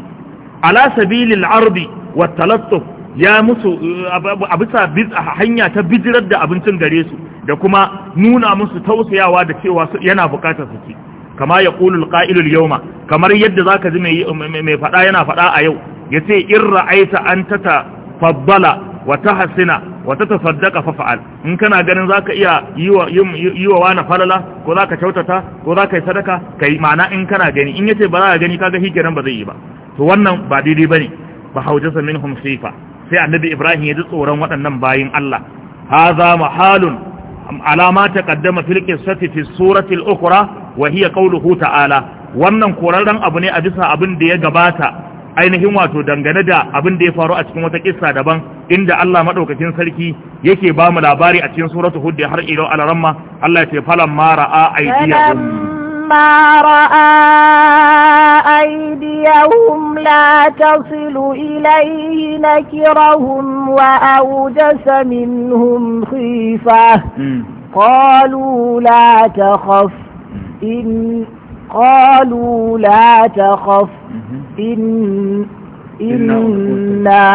ala sabilil arbi wa talattuf ya musu eh, a hanya ta bijirar da abincin gare su da kuma nuna musu tausayawa da cewa yana bukatar su ci kama ya ƙa'ilul yauma kamar yadda za ka ji mai faɗa yana faɗa a yau ya ce in ra'aita an tata tafabbala Wata hassina wata tatasaddaqa fa fa'al in kana ganin zaka iya yi wa wani falala ko ka kyautata ko zaka yi sadaka yi ma'ana in kana gani in yace ba za ka gani kaga hikiran ba zai yi ba to wannan ba daidai ne. ba haujasa minhum sifa sai annabi ibrahim ya ji tsoron waɗannan bayin Allah hadha mahalun Alama ta kaddama fil qissati fi surati al-ukhra wa hiya qawluhu ta'ala wannan korarren abu ne a bisa abin da ya gabata ainihin wato dangane da abin da ya faru a cikin wata kissa daban inda Allah maɗaukacin sarki yake bamu labari a cikin suratu hud har ila alaramma Allah ya ce falam mara a aidiya mara a aidiya hum la tasilu ilayhi nakirahum wa awjasa minhum khifa hmm. qalu la takhaf hmm. in qalu la takhaf hmm. in إنا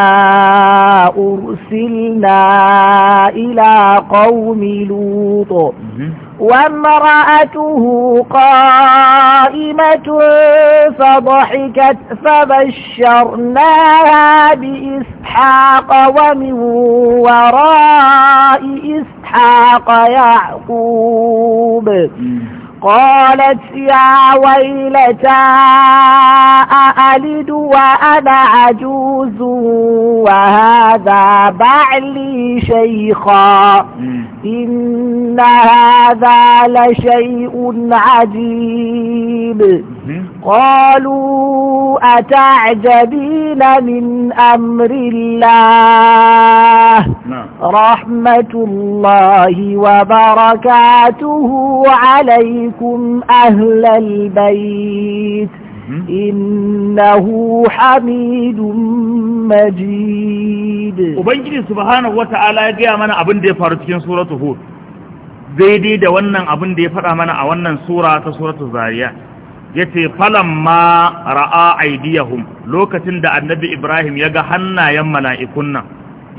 أرسلنا إلى قوم لوط وامرأته قائمة فضحكت فبشرناها بإسحاق ومن وراء إسحاق يعقوب قالت يا ويلتى أألد وأنا عجوز وهذا بعلي شيخا إن هذا لشيء عجيب نعم. قالوا أتعجبين من أمر الله نعم. رحمة الله وبركاته عليكم أهل البيت innahu hamidun majid ubangiji subhanahu wata'ala ya gaya mana abin da ya faru cikin suratul hud daidai da wannan abin da ya faɗa mana a wannan sura ta suratul zariya yace falamma ra'a aydiyahum lokacin da annabi ibrahim ya ga hannayen mala'ikun nan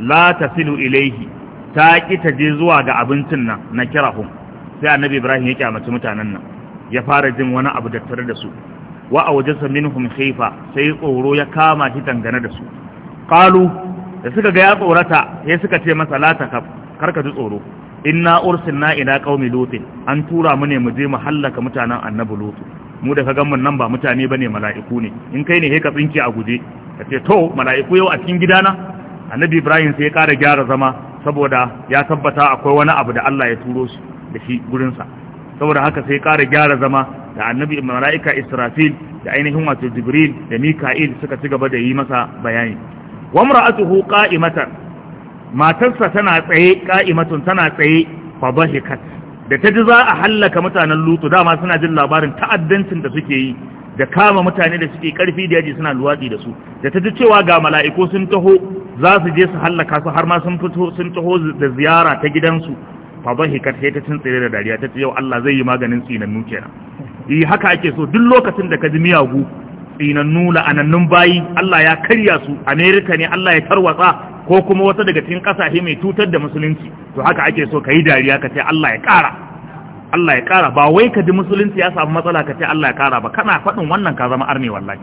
la tasilu ilaihi ta ki ta je zuwa ga abincin nan na kirahum sai annabi ibrahim ya kyamaci mutanen nan ya fara jin wani abu da tare da su wa a wajen minhum khifa sai tsoro ya kama shi dangane da su qalu da suka ga ya tsorata sai suka ce masa la takaf karka ji tsoro inna ursilna ila qaumi lutin an tura mu ne mu je mu hallaka mutanen annabi lutin mu da kagan mun nan ba mutane ne mala'iku ne in kai ne he ka a guje ka ce to mala'iku yau a cikin gidana annabi ibrahim sai ya kara gyara zama saboda ya tabbata akwai wani abu da Allah ya turo shi da shi gurinsa saboda haka sai ƙara gyara zama da annabi mala'ika israfil da ainihin wato jibril da mika'il suka ci gaba da yi masa bayani wa mar'atuhu ƙa'imatar matarsa tana tsaye qa'imatun tana tsaye fa bahikat da ta ji za a hallaka mutanen lutu dama suna jin labarin ta'addancin da suke yi da kama mutane da suke karfi da yaji suna luwaɗi da su da ta ji cewa ga mala'iku sun taho za su je su hallaka su har ma sun fito sun taho da ziyara ta gidansu fa dhahikat sai ta tsire da dariya ta yau Allah zai yi maganin tsinannu kenan yi eh, haka ake so duk lokacin da ka ji miyagu tsinannu la'anannun bayi Allah ya karya su Amerika ne Allah ya tarwatsa ko kuma wata daga cikin kasashe mai tutar da musulunci to haka ake so ka yi dariya ka ce Allah ya kara Allah ya kara ba wai ka ji musulunci ya samu matsala ka ce Allah ya kara ba kana faɗin wannan ka zama arne wallahi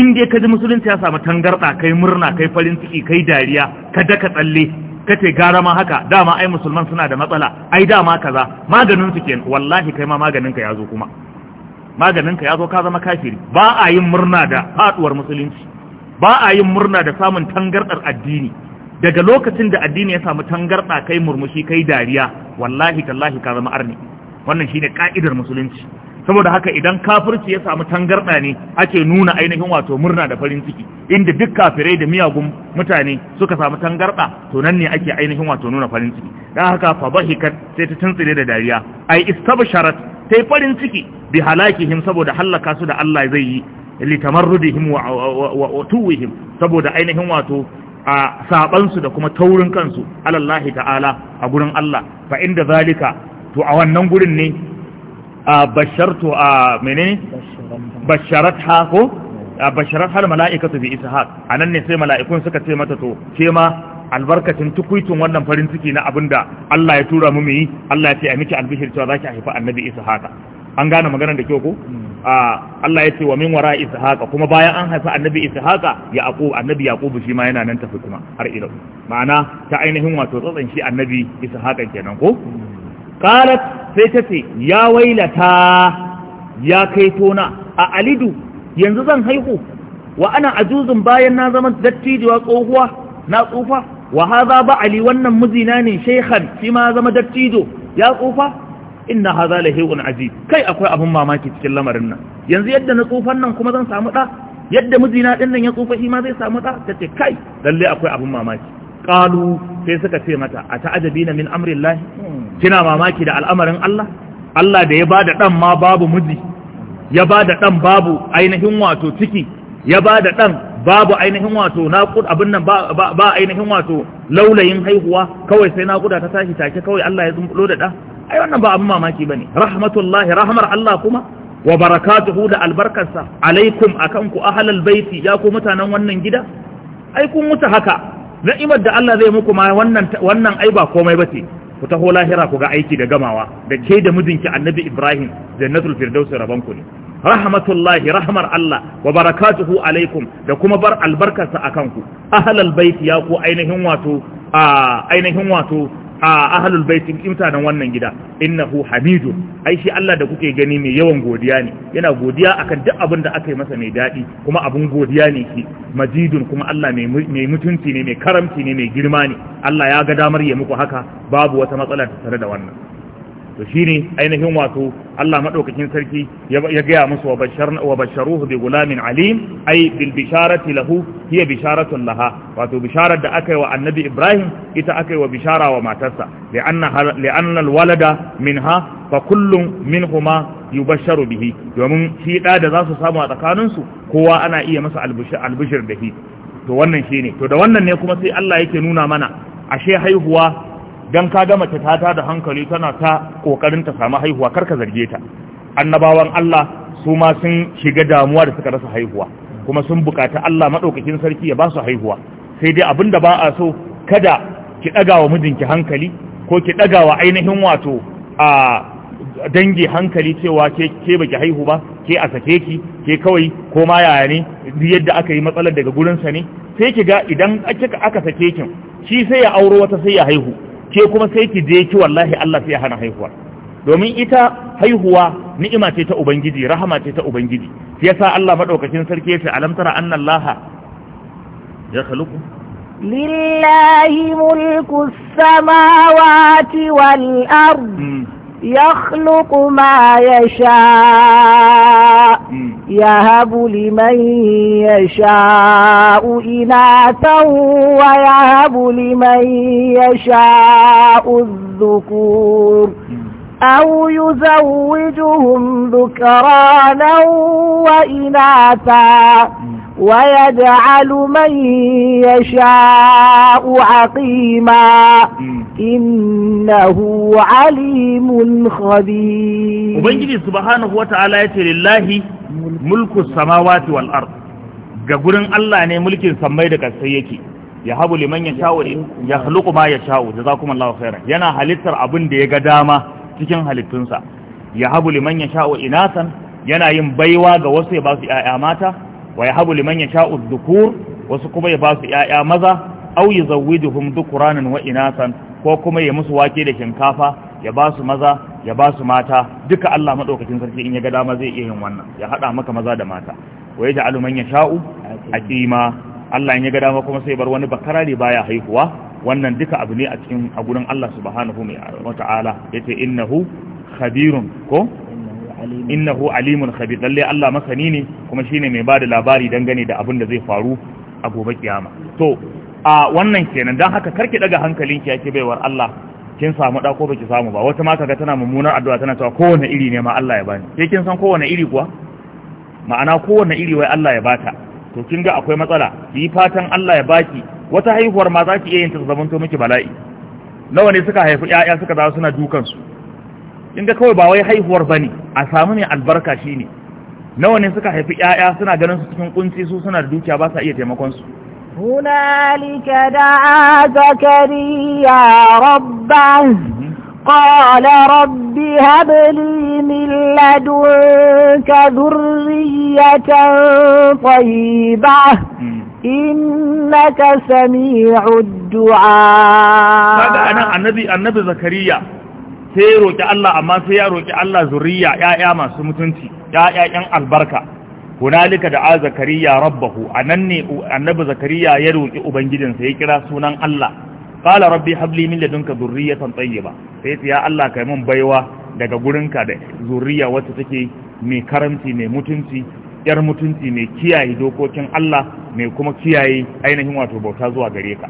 in dai ka ji musulunci ya samu tangarɗa kai murna kai farin ciki kai dariya ka daka tsalle kace gara ma haka dama ai musulman suna da matsala ai dama kaza maganin su kenan wallahi kai ma maganin ka yazo kuma maganin ka yazo ka zama kafiri ba a yin murna da faduwar musulunci ba a yin murna da samun tangardar addini daga lokacin da addini ya samu tangarda kai murmushi kai dariya wallahi tallahi ka zama arni wannan shine ka'idar musulunci saboda haka idan kafirci ya samu tangarɗa ne ake nuna ainihin wato murna da farin ciki inda duk kafirai da miyagun mutane suka samu tangarɗa to nan ne ake ainihin wato nuna farin ciki dan haka fa bahikat sai ta tuntsire da dariya ai istabsharat tai farin ciki bi halakihim saboda halaka su da Allah zai yi tamarrudihim wa tuwihim saboda ainihin wato a su da kuma taurin kansu alallahi ta'ala a gurin Allah fa inda zalika to a wannan gurin ne a bashartu a menene basharat ha ko a basharat hal mala'ikatu bi ishaq anan ne sai mala'ikun suka ce mata to ke ma albarkacin tukuitun wannan farin ciki na abinda Allah ya tura mu yi Allah ya ce a miki albishir cewa zaki haifa annabi ishaqa an gane maganar da kyau ko Allah ya ce wa min wara ishaqa kuma bayan an haifa annabi ishaqa ya annabi yaqub shi ma yana nan tafi kuma har ila ma'ana ta ainihin wato tsatsan shi annabi ishaqa kenan ko qalat sai ta ce ya wailata ya kai tona a alidu yanzu zan haihu wa ana ajuzun bayan na zama dattijuwa tsohuwa na tsufa wa hadha ba ali wannan mijina ne shaykhan shi ma zama dattijo ya tsufa inna la lahiyun ajib kai akwai abun mamaki cikin lamarin nan yanzu yadda na tsufan nan kuma zan samu da yadda mijina din nan ya tsufa shi ma zai samu da tace kai lalle akwai abun mamaki qalu sai suka ce mata a ta'ajabina min lahi, kina mamaki da al'amarin Allah Allah da ya ba da ɗan ma babu miji ya da ɗan babu ainihin wato ciki ya da ɗan babu ainihin wato naqud abin nan ba ainihin wato laulayin haihuwa kawai sai naquda ta tashi take kawai Allah ya zumbulo da da ai wannan ba abin mamaki ne. rahmatullahi rahmar Allah kuma wa barakatuhu da albarkarsa alaikum akan ku ahlal baiti ya ku mutanen wannan gida ai kun mutu haka na'imar da Allah zai muku ma wannan wannan ai ba komai bace ku taho lahira ku ga aiki da gamawa da ke da mijinki annabi Ibrahim jannatul firdausi raban ku ne rahmatullahi rahmar Allah wa barakatuhu alaikum da kuma bar albarkarsa akan ku ahlal bait ya ku ainihin wato ainihin wato a ahlul baiti mutanen wannan gida innahu hamidun ai shi Allah da kuke gani mai yawan godiya ne yana godiya akan duk abin da aka yi masa mai dadi kuma abun godiya ne shi majidun kuma Allah mai mutunci ne mai karamci ne mai girma ne Allah ya ga damar ya muku haka babu wata matsala tare da wannan to shine ainihin wato Allah madaukakin sarki ya gaya musu wa basharna basharuhu bi gulamin alim Ai bil bisharati lahu hiya bisharatun laha wato bisharar da aka yi wa annabi Ibrahim ita aka yi wa bishara wa matarsa li anna al walada minha fa kullun minhuma yubasharu bihi domin shi da da za su samu a tsakaninsu kowa ana iya masa albishir da shi to wannan shine to da wannan ne kuma sai Allah yake nuna mana ashe haihuwa don ka gama ta ta da hankali tana ta kokarin ta samu haihuwa karka zarge ta annabawan Allah su ma sun shiga damuwa da suka rasa haihuwa kuma sun bukata Allah madaukakin sarki ya ba su haihuwa sai dai abin da ba a so kada ki daga wa mijinki hankali ko ki daga wa ainihin wato a dangi hankali cewa ke ke baki haihu ba ke a sake ki ke kawai ko ma yaya ne yadda aka yi matsalar daga gurin sa ne sai ki ga idan aka sake kin shi sai ya auro wata sai ya haihu ke kuma sai ki je ki wallahi Allah sai ya hana haihuwa domin ita haihuwa ni'ima ce ta ubangiji rahama ce ta ubangiji shi yasa Allah madaukakin sarki yace alam tara anna Allah ya khaluqu lillahi mulku samawati wal ard hmm. يخلق ما يشاء يهب لمن يشاء إناثا ويهب لمن يشاء الذكور أو يزوجهم ذكرانا وإناثا ويجعل من يشاء عقيما إنه عليم خبير وبنجي سبحانه وتعالى لله ملك السماوات والأرض ga gurin Allah ne mulkin sammai da kasai yake ya habu liman ya shawo ya haluku ma ya shawo da zakum Allah khairan yana halittar abin da ya ga dama cikin halittunsa ya habu liman ya shawo inasan yana yin baiwa ga wasu ya ba su ƴaƴa mata wa habu liman Sha'u Dukur wasu kuma ya ba su yaya maza aw yuzawwijuhum dhukuranan wa inasan ko kuma ya musu wake da shinkafa ya ba su maza ya ba su mata duka Allah madaukakin sarki in ya ga dama zai iya yin wannan ya haɗa maka maza da mata wa yaj'alu man yasha'u aqima Allah in ya ga dama kuma sai bar wani bakarare baya haihuwa wannan duka abu ne a cikin a gurin Allah subhanahu wa ta'ala ce innahu khabirun ko innahu alimun khabir lalle Allah masani ne kuma shine mai bada labari dangane da abin da zai faru a gobe kiyama to a wannan kenan dan haka karki daga hankalin ki yake baiwar Allah kin samu da ko baki samu ba wata ma kaga tana mummunar addu'a tana cewa kowanne iri ne ma Allah ya bani ke kin san kowanne iri kuwa ma'ana kowanne iri wai Allah ya bata to kin ga akwai matsala yi fatan Allah ya baki wata haihuwar ma za ki iya yin ta zamanto miki bala'i nawa ne suka haifi 'ya'ya suka za suna dukan su in ga kawai ba wai haihuwar ba ne a samu mai albarka shi ne nawa ne suka haifi 'ya'ya suna ganin su cikin kunci su suna da dukiya ba sa iya taimakon su هنالك دعا زكريا ربه قال رب هب لي من لدنك ذرية طيبة إنك سميع الدعاء هذا أنا النبي النبي زكريا sai ya roƙi Allah amma sai ya roƙi Allah zuriya ƴaƴa masu mutunci ƴaƴa ƴan albarka hunalika da zakariya rabbahu anan ne annabi zakariya ya roƙi ubangijinsa ya kira sunan Allah qala rabbi habli min ladunka zurriyatan tayyiba sai ya Allah kai mun baiwa daga gurinka da zuriya wacce take mai karamci mai mutunci yar mutunci mai kiyaye dokokin Allah mai kuma kiyaye ainihin wato bauta zuwa gare ka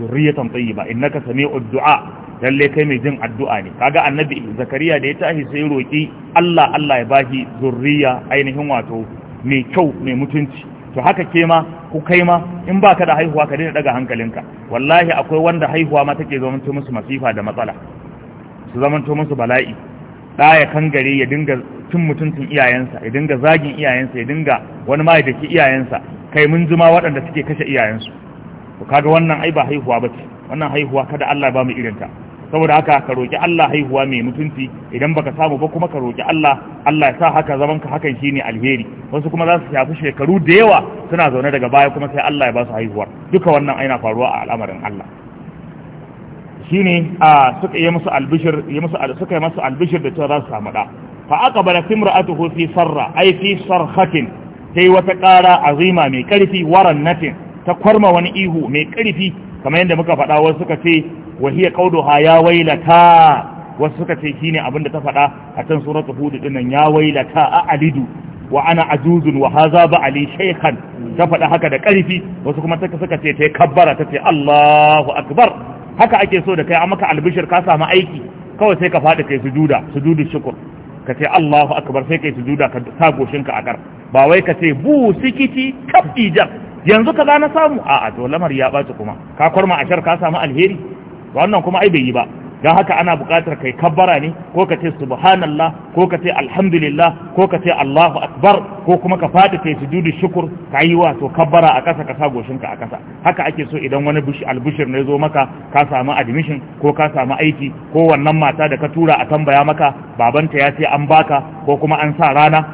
zurriyatan tayyiba innaka sami'ud du'a lalle kai mai jin addu'a ne kaga annabi zakariya da ya tashi sai roki Allah Allah ya bashi zurriya ainihin wato mai kyau mai mutunci to haka ke ma ku kai ma in baka da haihuwa ka daina daga hankalinka wallahi akwai wanda haihuwa ma take zamanto musu masifa da matsala su zamanto musu bala'i da ya kangare ya dinga cin mutuncin iyayensa ya dinga zagin iyayensa ya dinga wani ma ya daki iyayensa kai mun jima waɗanda suke kashe iyayensu to kaga wannan ai ba haihuwa bace wannan haihuwa kada Allah ba mu irinta saboda haka ka roki Allah haihuwa mai mutunci idan baka samu ba kuma ka roki Allah Allah ya sa haka zaman ka hakan shine alheri wasu kuma za su shafi shekaru da yawa suna zaune daga baya kuma sai Allah ya ba su haihuwa duka wannan aina faruwa a al'amarin Allah shine a suka yi musu albishir yi musu suka yi musu albishir da cewa za su samu da fa aqbala timra'atuhu fi sarra ay fi sarhatin sai wata ƙara azima mai ƙarfi warannatin ta kwarma wani ihu mai ƙarfi kamar yadda muka faɗa wasu suka ce wahiya qauduha ya wailata wasu suka ce shine abin da ta faɗa a can suratul hud din ya wailata a alidu wa ana ajuzun wa haza ba ali shaikhan ta faɗa haka da ƙarfi wasu kuma ta suka ce yi kabbara ta ce Allahu akbar haka ake so da kai an maka albishir ka samu aiki kawai sai ka faɗi kai sujuda sujudu shukur ka ce Allahu akbar sai kai sujuda ka sa ka a ba wai ka ce bu sikiti kaf jar! yanzu ka gane samu a'a to lamar ya baci kuma ka kwarma ashar ka samu alheri wannan kuma ai bai yi ba don haka ana buƙatar kai kabbara ne ko ka ce subhanallah ko ka ce alhamdulillah ko ka ce allahu akbar ko kuma ka faɗi kai shukur ka yi wato kabbara a ƙasa ka sa goshinka a ƙasa haka ake so idan wani albushir ne zo maka ka samu admission ko ka samu aiki ko wannan mata da ka tura a tambaya maka babanta ya ce an baka ko kuma an sa rana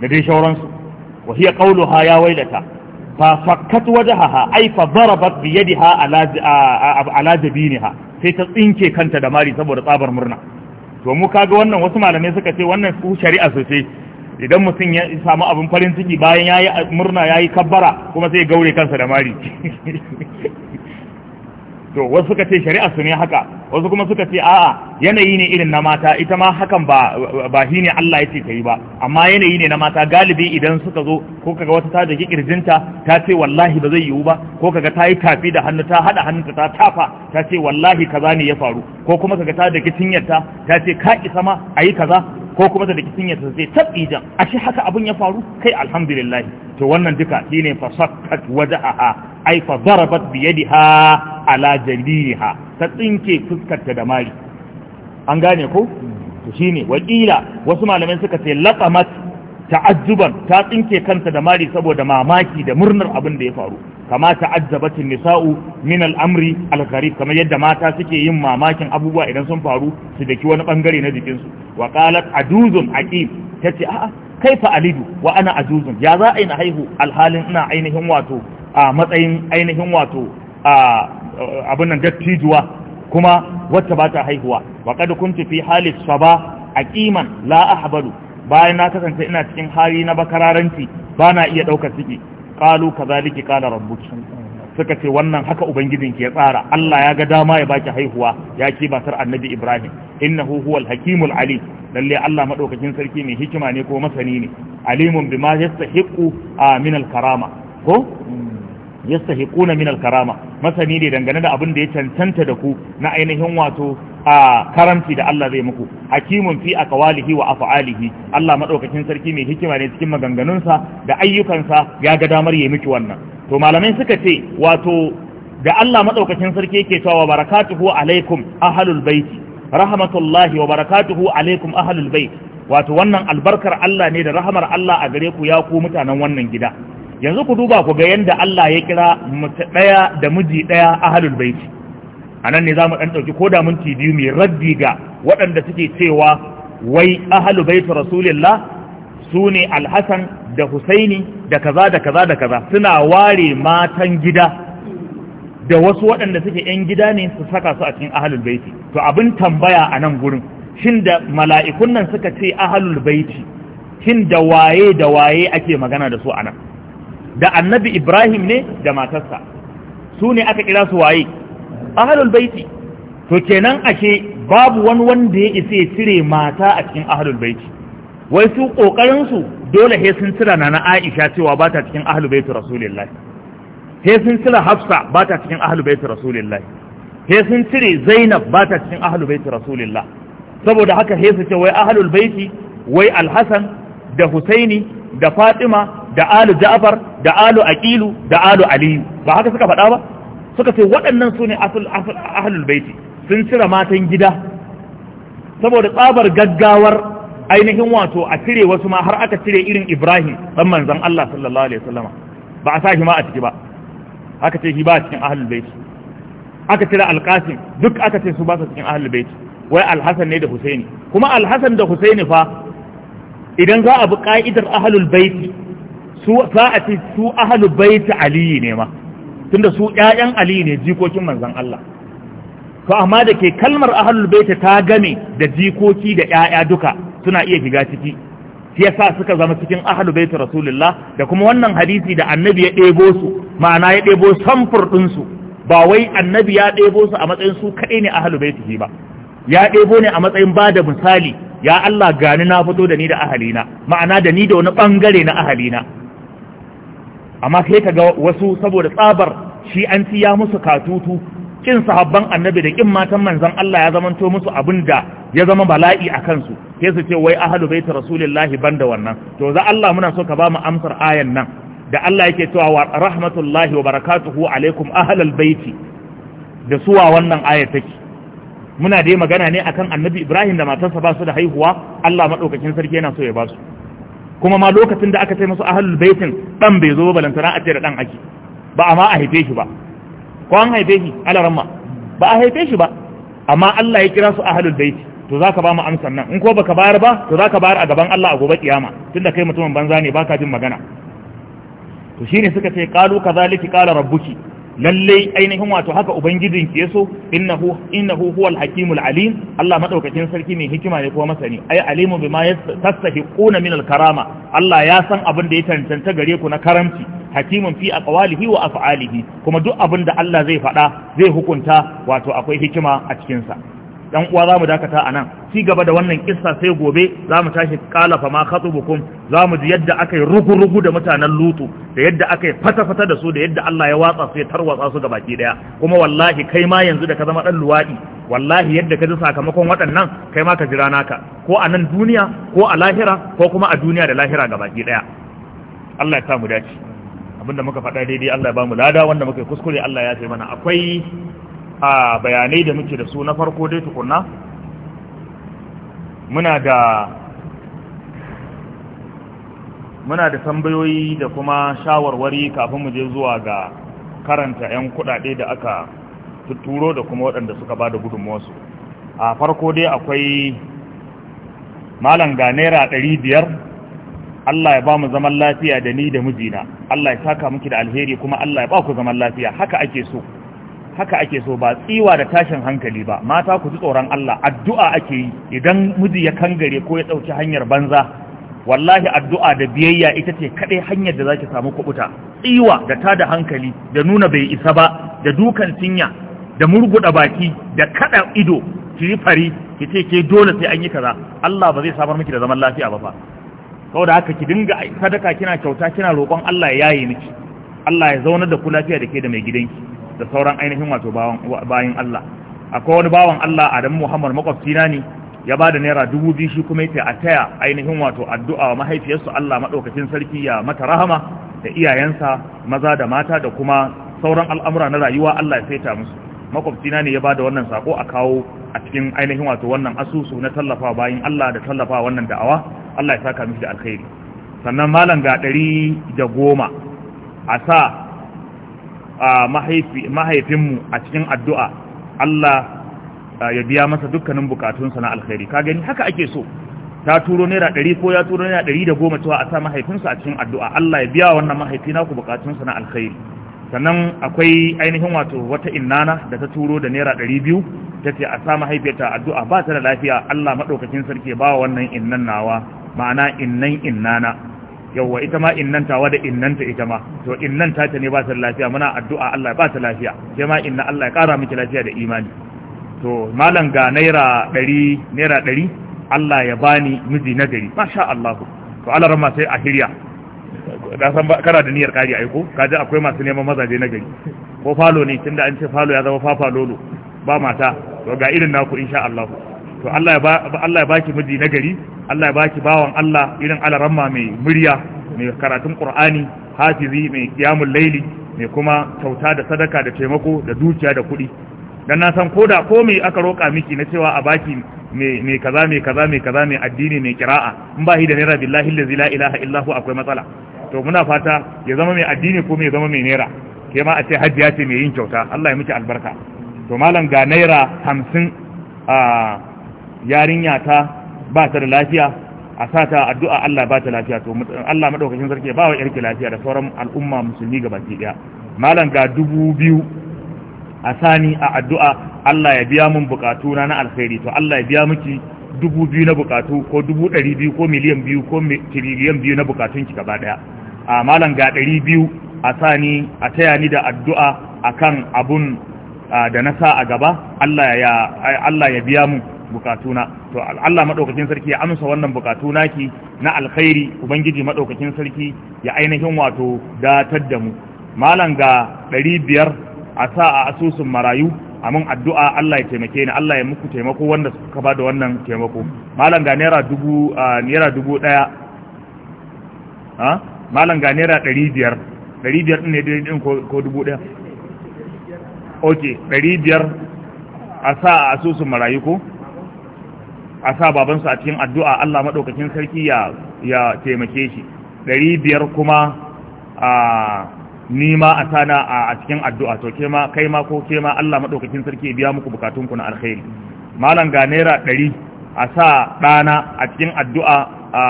da dai shauransu wa hiya qawluha ya wailata ففكت fa darabat bi yadiha ala جبينها sai ta tsinke kanta da mari saboda tsabar murna to mu kaga wannan wasu malamai suka ce wannan su shari'a sosai idan mutum ya samu abin farin ciki bayan yayi murna yayi kabbara kuma sai ya gaure kansa da mari to wasu suka ce shari'a su ne haka wasu kuma suka ce a'a yanayi ne irin na mata ita ma hakan ba ba shine Allah ya ce ta yi ba amma yanayi ne na mata galibi idan suka zo ko kaga wata ta daki kirjinta ta ce wallahi ba zai yiwu ba ko kaga ta yi tafi da hannu ta hada hannunta ta tafa ta ce wallahi kaza ne ya faru ko kuma kaga ta daki cinyarta ta ce ka isa ma ayi kaza ko kuma da likitin ta zai tabi jan ashe haka abin ya faru kai alhamdulillah to wannan duka shine fa sakkat wajaha ai fa darabat bi yadiha ala jadiha ta tsinke fuskar ta da mari an gane ko to shine wakila wasu malamai suka ce laqamat ta'ajjuban ta tsinke kanta da mari saboda mamaki da murnar abin da ya faru kama ta'azzabatin nisa'u min al'amri al-gharib kamar yadda mata suke yin mamakin abubuwa idan sun faru su daki wani bangare na jikin su wa qalat aduzun aqib tace a kaifa alidu wa ana aduzun ya za a yi na haihu alhalin ina ainihin wato a matsayin ainihin wato a abin nan dattijuwa kuma wacce ba ta haihuwa wa kad kunti fi hali saba aqiman la ahbaru bayan na kasance ina cikin hali na bakararanci bana iya daukar ciki qalu kadhalika qala rabbuki suka ce wannan haka ubangijinki ya tsara Allah ya ga dama ya baki haihuwa ya ke matar annabi Ibrahim innahu huwal hakimul ali lalle Allah madaukakin sarki ne hikima ne ko masani ne alimun bima yastahiqu aminal ah, karama ko yastahiquna min al-karama masani ne dangane da abin da ya cancanta da ku na ainihin wato a karamci da Allah zai muku hakimun fi aqwalihi wa af'alihi Allah madaukakin sarki mai hikima ne cikin maganganunsa da ayyukansa ya ga damar yayi miki wannan to malamai suka ce wato da Allah madaukakin sarki yake cewa barakatuhu alaikum ahlul bait rahmatullahi wa barakatuhu alaikum ahlul bait wato wannan albarkar Allah ne da rahamar Allah a gare ku ya ku mutanen wannan gida yanzu ku duba ku ga yadda Allah ya kira mace ɗaya da miji daya ahlul baiti anan ne zamu dan ko da minti biyu mai raddi ga waɗanda suke cewa wai ahlul baiti rasulillah sune alhasan da husaini da kaza da kaza da kaza suna ware matan gida da wasu waɗanda suke 'yan gida ne su saka su a cikin ahalul baiti to abin tambaya a nan gurin shin da mala'ikun nan suka ce ahalul baiti shin da waye da waye ake magana da su a nan da annabi ibrahim ne da matarsa su ne aka kira su waye ahlul baiti to kenan ashe babu wani wanda ya isa ya cire mata a cikin ahlul baiti wai su kokarin su dole he sun cira na Aisha cewa ba ta cikin ahlul baiti rasulullahi he sun Hafsa ba ta cikin ahlul baiti rasulullahi he sun cire Zainab ba ta cikin ahlul baiti rasulullahi saboda haka he su ce wai ahlul baiti wai Alhassan da Husaini da Fatima da alu ja'far da alu aqilu da alu aliyu ba haka suka faɗa ba suka ce waɗannan su ne ahlul baiti sun cire matan gida saboda tsabar gaggawar ainihin wato a cire wasu ma har aka cire irin Ibrahim dan manzan Allah sallallahu alaihi wasallama ba a sa shi ma a ciki ba aka ce shi ba cikin ahlul baiti aka cire alqasim duk aka ce su ba su cikin ahlul baiti wai alhasan ne da husaini kuma alhasan da husaini fa idan za a bi ka'idar ahlul baiti. su za a ce su ahalu baiti aliyu ne ma tunda su ƴaƴan aliyu ne jikokin manzon Allah to amma da ke kalmar ahalu baiti ta game da jikoki da ƴaƴa duka suna iya shiga ciki shi yasa suka zama cikin ahalu baiti rasulullah da kuma wannan hadisi da annabi ya ɗebo su ma'ana ya ɗebo samfur ɗin su ba wai annabi ya ɗebo su a matsayin su kaɗai ne ahalu baiti ba ya ɗebo ne a matsayin ba da misali ya Allah gani na fito da ni da ahalina ma'ana da ni da wani ɓangare na ahalina amma sai ka ga wasu saboda tsabar shi an ci ya musu katutu kin sahabban annabi da kin matan manzon Allah ya zamanto musu abin da ya zama bala'i a kansu sai su ce wai ahlu baiti rasulillahi banda wannan to za Allah muna so ka ba mu amsar ayan nan da Allah yake cewa wa rahmatullahi wa barakatuhu alaikum ahlal baiti da suwa wannan ayar take muna dai magana ne akan annabi Ibrahim da matarsa ba su da haihuwa Allah madaukakin sarki yana so ya ba su kuma ma lokacin da aka ce musu ahlul baitin dan bai zo balantana a ce da dan ake ba amma a haife shi ba ko an haife shi ala ramma ba a haife shi ba amma Allah ya kira su ahlul baiti to zaka ba mu amsan nan in ko baka bayar ba to zaka bayar a gaban Allah a gobe kiyama tunda kai mutumin banza ne baka jin magana to shine suka ce qalu kadhalika qala rabbuki lallai ainihin wato haka ubangijin ke so innahu innahu huwal hakimul alim Allah madaukakin sarki ne hikima ne kuma masani ai alimu bima yastahiquna min karama Allah ya san abin da ya tantanta gare ku na karamci hakimin fi aqwalihi wa af'alihi kuma duk abin da Allah zai faɗa zai hukunta wato akwai hikima a cikin sa dan uwa zamu dakata anan ci gaba da wannan kissa sai gobe zamu tashi kala fa ma khatubukum zamu ji yadda akai rugu-rugu da mutanen lutu da yadda akai fata-fata da su da yadda Allah ya watsa su ya tarwatsa su gabaki daya kuma wallahi kai ma yanzu da ka zama dan luwadi wallahi yadda ka ji sakamakon waɗannan kai ma ka jira naka ko a nan duniya ko a lahira ko kuma a duniya da lahira gabaki daya Allah ya sa mu dace abinda muka faɗa daidai Allah ya ba lada wanda muka kuskure Allah ya sai mana akwai a bayanai da muke da su na farko dai tukunna muna da muna da tambayoyi da kuma shawarwari kafin mu je zuwa ga karanta 'yan kudade da aka tuturo da kuma waɗanda suka ba da su. a farko dai akwai malam ga naira ɗari biyar Allah ya ba mu zaman lafiya da ni da mijina Allah ya saka muke da alheri kuma Allah ya ba ku zaman lafiya haka ake so haka ake so ba tsiwa da tashin hankali ba mata ku ji tsoron Allah addu'a ake yi idan miji ya kangare ko ya dauki hanyar banza wallahi addu'a da biyayya ita ce kaɗai hanyar da zaki samu kubuta tsiwa da tada hankali da nuna bai isa ba da dukan cinya da murguda baki da kaɗa ido ki fari ki ce ke dole sai an yi kaza Allah ba zai samar miki da zaman lafiya ba fa saboda haka ki dinga sadaka kina kyauta kina roƙon Allah ya yaye miki Allah ya zauna da ku lafiya da ke da mai gidanki da sauran ainihin wato bayan Allah akwai wani bawan Allah Adamu Muhammad makwabcina ne ya ba da naira dubu biyu shi kuma yake a taya ainihin wato addu'a wa mahaifiyarsu Allah maɗaukacin sarki ya mata rahama da iyayensa maza da mata da kuma sauran al'amura na rayuwa Allah ya saita musu makwabcina ne ya ba da wannan sako a kawo a cikin ainihin wato wannan asusu na tallafa bayan Allah da tallafa wannan da'awa Allah ya saka mishi da alkhairi sannan malam ga ɗari da goma a sa mahaifinmu a cikin addu'a Allah ya biya masa dukkanin bukatunsa na alkhairi ka gani haka ake so ta turo naira ɗari ko ya turo naira ɗari da goma cewa a sa mahaifinsa a cikin addu'a Allah ya biya wannan mahaifina ku bukatunsa na alkhairi sannan akwai ainihin wato wata innana da ta turo da naira ɗari biyu ta ce a sa mahaifiyarta addu'a ba ta da lafiya Allah maɗaukakin sarki ba wannan innan nawa ma'ana innan innana yawwa ita ma innantawa da innanta ita ma to innanta ta ne ba ta lafiya muna addu'a Allah ba ta lafiya sai ma inna Allah ya kara miki lafiya da imani to malam ga naira 100 naira 100 Allah ya bani miji na gari masha Allah to Allah rama sai a hirya da san kana da niyyar kari aiko ji akwai masu neman mazaje na gari ko falo ne tunda an ce falo ya zama lolo ba mata to ga irin naku insha Allah to Allah ya baki miji na gari Allah ya baki bawan Allah irin alaramma mai murya mai karatun Qur'ani hafizi mai qiyamul laili mai kuma kyauta da sadaka da taimako da dukiya da kuɗi dan na san koda ko me aka roka miki na cewa a baki mai kaza mai kaza mai kaza addini mai kira'a in ba hi da naira billahi allazi la ilaha illa hu akwai matsala to muna fata ya zama mai addini ko mai zama mai naira ke ma a ce hajjiya ce mai yin kyauta Allah ya miki albarka to malam ga naira 50 a ah, yarinya ta ba ta da lafiya a sa ta addu'a Allah ba ta lafiya to Allah madaukakin sarki ba wa yarki lafiya da sauran al'umma musulmi ga baki daya malam ga dubu biyu a sani a addu'a Allah ya biya mun bukatu na na alkhairi to Allah ya biya miki dubu biyu na bukatu ko dubu ɗari biyu ko miliyan biyu ko tiriliyan biyu na bukatun ki gaba ɗaya a malam ga ɗari biyu a sani a taya ni da addu'a akan abun da na sa a gaba Allah ya biya mu bukatuna to Allah maɗaukakin sarki ya amsa wannan bukatuna ki na alkhairi ubangiji maɗaukakin sarki ya ainihin wato datar da mu malam ga ɗari biyar a sa a asusun marayu amin addu'a Allah ya taimake ni Allah ya muku taimako wanda suka ba da wannan taimako malam ga naira dubu naira dubu daya ha malam ga naira 500 500 din ne ko dubu ɗaya. ok ɗari biyar a sa a asusun marayu ko a sa babansu a cikin addu'a Allah maɗaukakin sarki ya taimake shi ɗari biyar kuma a nima a sana a cikin addu'a to kema kai ma ko kema Allah maɗaukakin sarki biya muku bukatunku na alkhairi malam ga naira ɗari a sa ɗana a cikin addu'a a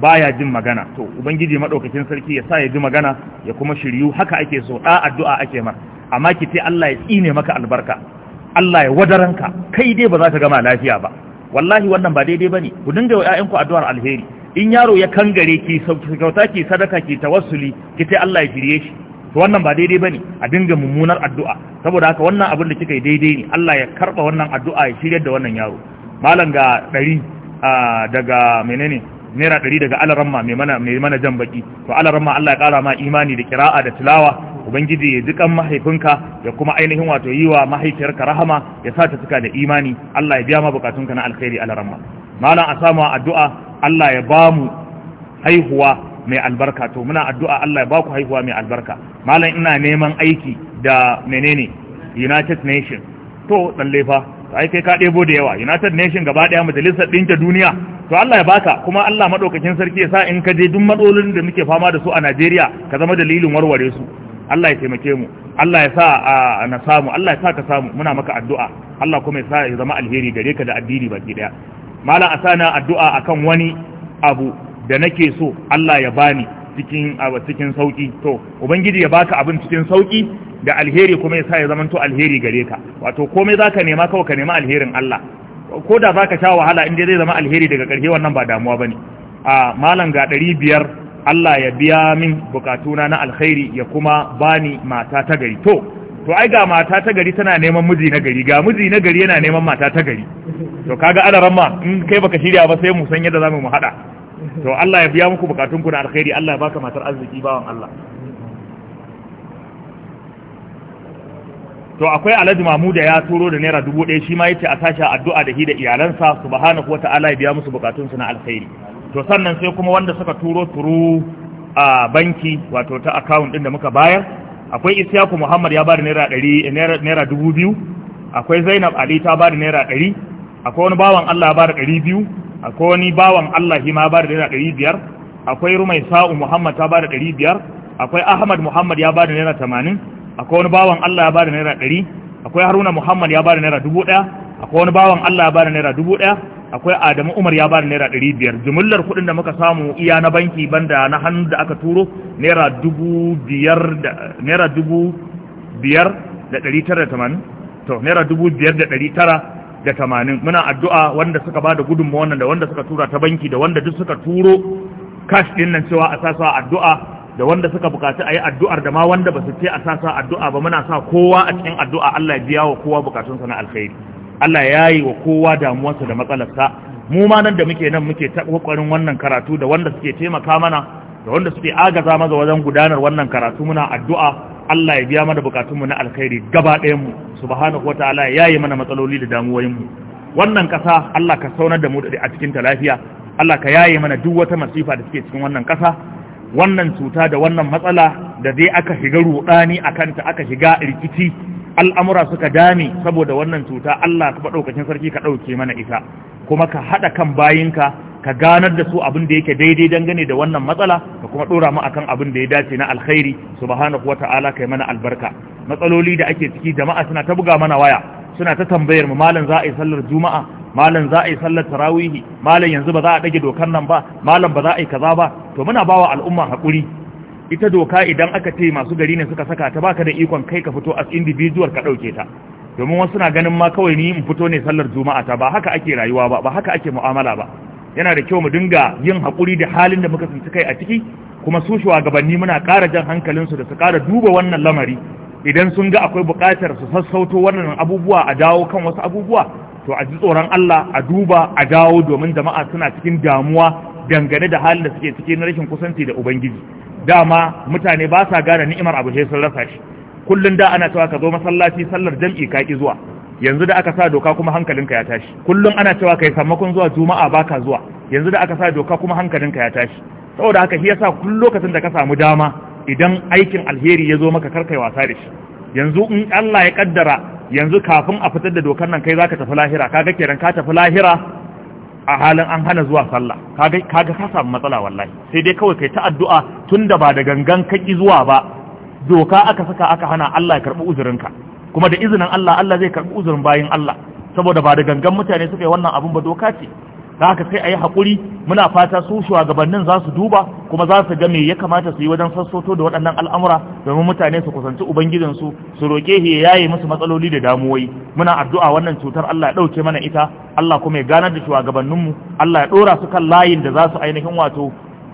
baya jin magana to ubangiji maɗaukakin sarki ya sa ya ji magana ya kuma shiryu haka ake so ɗa addu'a ake mar amma ki ce Allah ya tsine maka albarka Allah ya wadaranka kai dai ba za ka gama lafiya ba wallahi wannan ba daidai bane ku dinga wa ƴaƴanku addu'ar alheri in yaro ya kangare ki kyauta ki sadaka ki tawassuli ki ce Allah ya shirye shi to wannan ba daidai bane a dinga mummunar addu'a saboda haka wannan abin da kika yi daidai ne Allah ya karba wannan addu'a ya shiryar da wannan yaro malam ga 100 daga menene naira 100 daga alaramma mai mana mai mana jan baki to alaramma Allah ya kara ma imani da kira'a da tilawa ubangiji ya ji kan mahaifinka ya kuma ainihin wato yi wa mahaifiyarka rahama ya sa ta cika da imani Allah ya biya ma bukatunka na alkhairi alaramma malam a samu addu'a Allah ya ba mu haihuwa mai albarka to muna addu'a Allah ya ba ku haihuwa mai albarka malam ina neman aiki da menene United Nation to lalle fa ai kai ka debo da yawa United Nation gaba ɗaya majalisar ɗinka duniya to Allah ya baka kuma Allah madaukakin sarki ya sa in ka je duk matsalolin da muke fama da su a Najeriya ka zama dalilin warware su Allah ya taimake mu Allah ya sa na samu Allah ya sa ka samu muna maka addu'a Allah kuma ya sa ya zama alheri gare ka da addini baki daya malam asana addu'a akan wani abu da nake so Allah ya bani cikin cikin sauki to ubangiji ya baka abin cikin sauki da alheri kuma ya sa ya zama zamanto alheri gare ka wato komai zaka nema kawai ka nema alherin Allah ko da zaka sha wahala in zai zama alheri daga karshe wannan ba damuwa bane a malam ga 500 Allah ya biya min bukatuna na alkhairi ya kuma bani mata ta gari to to ai ga mata ta gari tana neman miji na gari ga miji na gari yana neman mata ta gari to kaga adaran ma in kai baka shirya ba sai mu san yadda zamu mu hada to Allah ya biya muku bukatun ku na alkhairi Allah ya baka matar arziki bawan Allah to akwai alhaji mamu ya turo da naira dubu ɗaya shi ma yace a tashi addu'a da hi da iyalansa subhanahu wata'ala ya biya musu bukatunsu na alkhairi to sannan sai kuma wanda suka turo turu a banki wato ta account din da muka bayar akwai Isyaku Muhammad ya bada naira 100 naira 2000 akwai Zainab Ali ta bada naira 100 akwai wani bawan Allah ya bada 200 akwai wani bawan Allah shi ma bada naira 500 akwai Rumai Sa'u Muhammad ta bada 500 akwai Ahmad Muhammad ya bada naira 80 akwai wani bawan Allah ya bada naira 100 akwai Haruna Muhammad ya bada naira 1000 akwai wani bawan Allah ya bada naira ɗaya. akwai adamu umar ya bani naira ɗari biyar jimillar kuɗin da muka samu iya na banki banda na hannu da aka turo naira dubu biyar da ɗari tara da tamanin to naira dubu biyar da ɗari tara da tamanin muna addu'a wanda suka ba da gudunmu wannan da wanda suka tura ta banki da wanda duk suka turo kash ɗin nan cewa a sasa addu'a da wanda suka bukaci a yi addu'ar da ma wanda ba su ce a sasa addu'a ba muna sa kowa a cikin addu'a Allah ya biya wa kowa bukatunsa na alkhairi Allah ya yi wa kowa damuwarsa da matsalarsa mu ma nan da muke nan muke kokarin wannan karatu da wanda suke taimaka mana da wanda suke agaza maza wajen gudanar wannan karatu muna addu'a Allah ya biya mana bukatunmu na alkhairi gaba ɗayan mu subhanahu ta'ala ya yi mana matsaloli da damuwoyin mu wannan ƙasa Allah ka saunar da mu da a cikin ta lafiya Allah ka yaye mana duk wata masifa da suke cikin wannan ƙasa wannan cuta da wannan matsala da zai aka shiga ruɗani a kanta aka shiga rikici al'amura suka dame saboda wannan cuta Allah ka ɗaukacin sarki ka ɗauke mana ita kuma ka haɗa kan bayinka ka ganar da su abin da yake daidai dangane da wannan matsala ka kuma ɗora mu akan abin da ya dace na alkhairi subhanahu wa ta'ala kai mana albarka matsaloli da ake ciki jama'a suna ta buga mana waya suna ta tambayar mu malam za a yi sallar juma'a malam za a yi sallar tarawihi malam yanzu ba za a ɗage dokar nan ba malam ba za a yi kaza ba to muna bawa al'umma haƙuri ita doka idan aka ce masu gari ne suka saka ta baka da ikon kai ka fito as individual ka dauke ta domin wasu na ganin ma kawai ni in fito ne sallar juma'a ta ba haka ake rayuwa ba ba haka ake mu'amala ba yana da kyau mu dinga yin hakuri da halin da muka tsinci kai a ciki kuma su shugabanni muna ƙara jan hankalin su da su ƙara duba wannan lamari idan sun ga akwai buƙatar su sassauto wannan abubuwa a dawo kan wasu abubuwa to a ji tsoron Allah a duba a dawo domin jama'a suna cikin damuwa dangane da halin da suke ciki na rashin kusanci da ubangiji dama mutane ba sa gane ni'imar abu sai sun rasa shi kullun da ana cewa ka zo masallaci sallar jam'i ka ki zuwa yanzu da aka sa doka kuma hankalinka ya tashi kullun ana cewa kai sammakon zuwa juma'a baka zuwa yanzu da aka sa doka kuma hankalinka ya tashi saboda haka shi yasa kullun lokacin da ka samu dama idan aikin alheri ya zo maka karkai wasa da shi yanzu in Allah ya kaddara yanzu kafin a fitar da dokar nan kai zaka tafi lahira kaga kenan ka tafi lahira a halin an hana zuwa sallah kaga kaga ka samu matsala wallahi sai dai kawai kai ta addu'a tunda ba da gangan kaki zuwa ba doka aka saka aka hana Allah ya karbi uzurinka kuma da izinin Allah Allah zai karbi uzurin bayin Allah saboda ba da gangan mutane suka yi wannan abun ba doka ce Da haka sai a yi haƙuri muna fata su shugabannin za su duba kuma za su ga me ya kamata su yi wajen sassoto da waɗannan al'amura domin mutane su kusanci ubangijinsu su roƙe ya yaye musu matsaloli da damuwoyi muna addu'a wannan cutar Allah ya ɗauke mana ita Allah kuma ya ganar da shugabanninmu Allah ya ɗora su kan layin da za su ainihin wato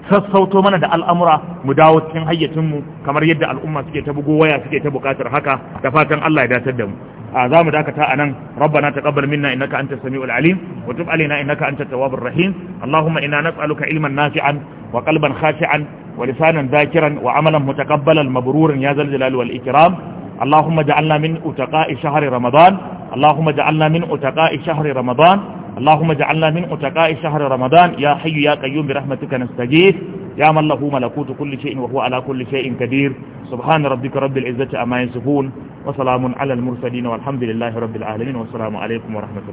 sassauto mana da al'amura mu dawo cikin hayyacinmu kamar yadda al'umma suke ta bugo waya suke ta buƙatar haka da fatan Allah ya datar da mu a za mu dakata a nan rabba na taɓabar minna inaka an ta sami al’alim mutum alina inaka an ta tawabar rahim allahumma ina na tsaluka ilman nafi'an wa kalban khashi'an wa lisanan zakiran wa amalan mutakabbalan mabrurin ya zal jalal wal ikram allahumma ja'alna min utaqa shahr ramadan allahumma ja'alna min utaqa shahr ramadan allahumma ja'alna min utaqa shahr ramadan ya hayyu ya qayyum bi rahmatika nastaghith ya mallahu malakutu kulli shay'in wa ala kulli shay'in qadir subhana rabbika rabbil izzati amma yasifun wa salamun ala al mursalin walhamdulillahi rabbil alamin wa salamun wa rahmatullahi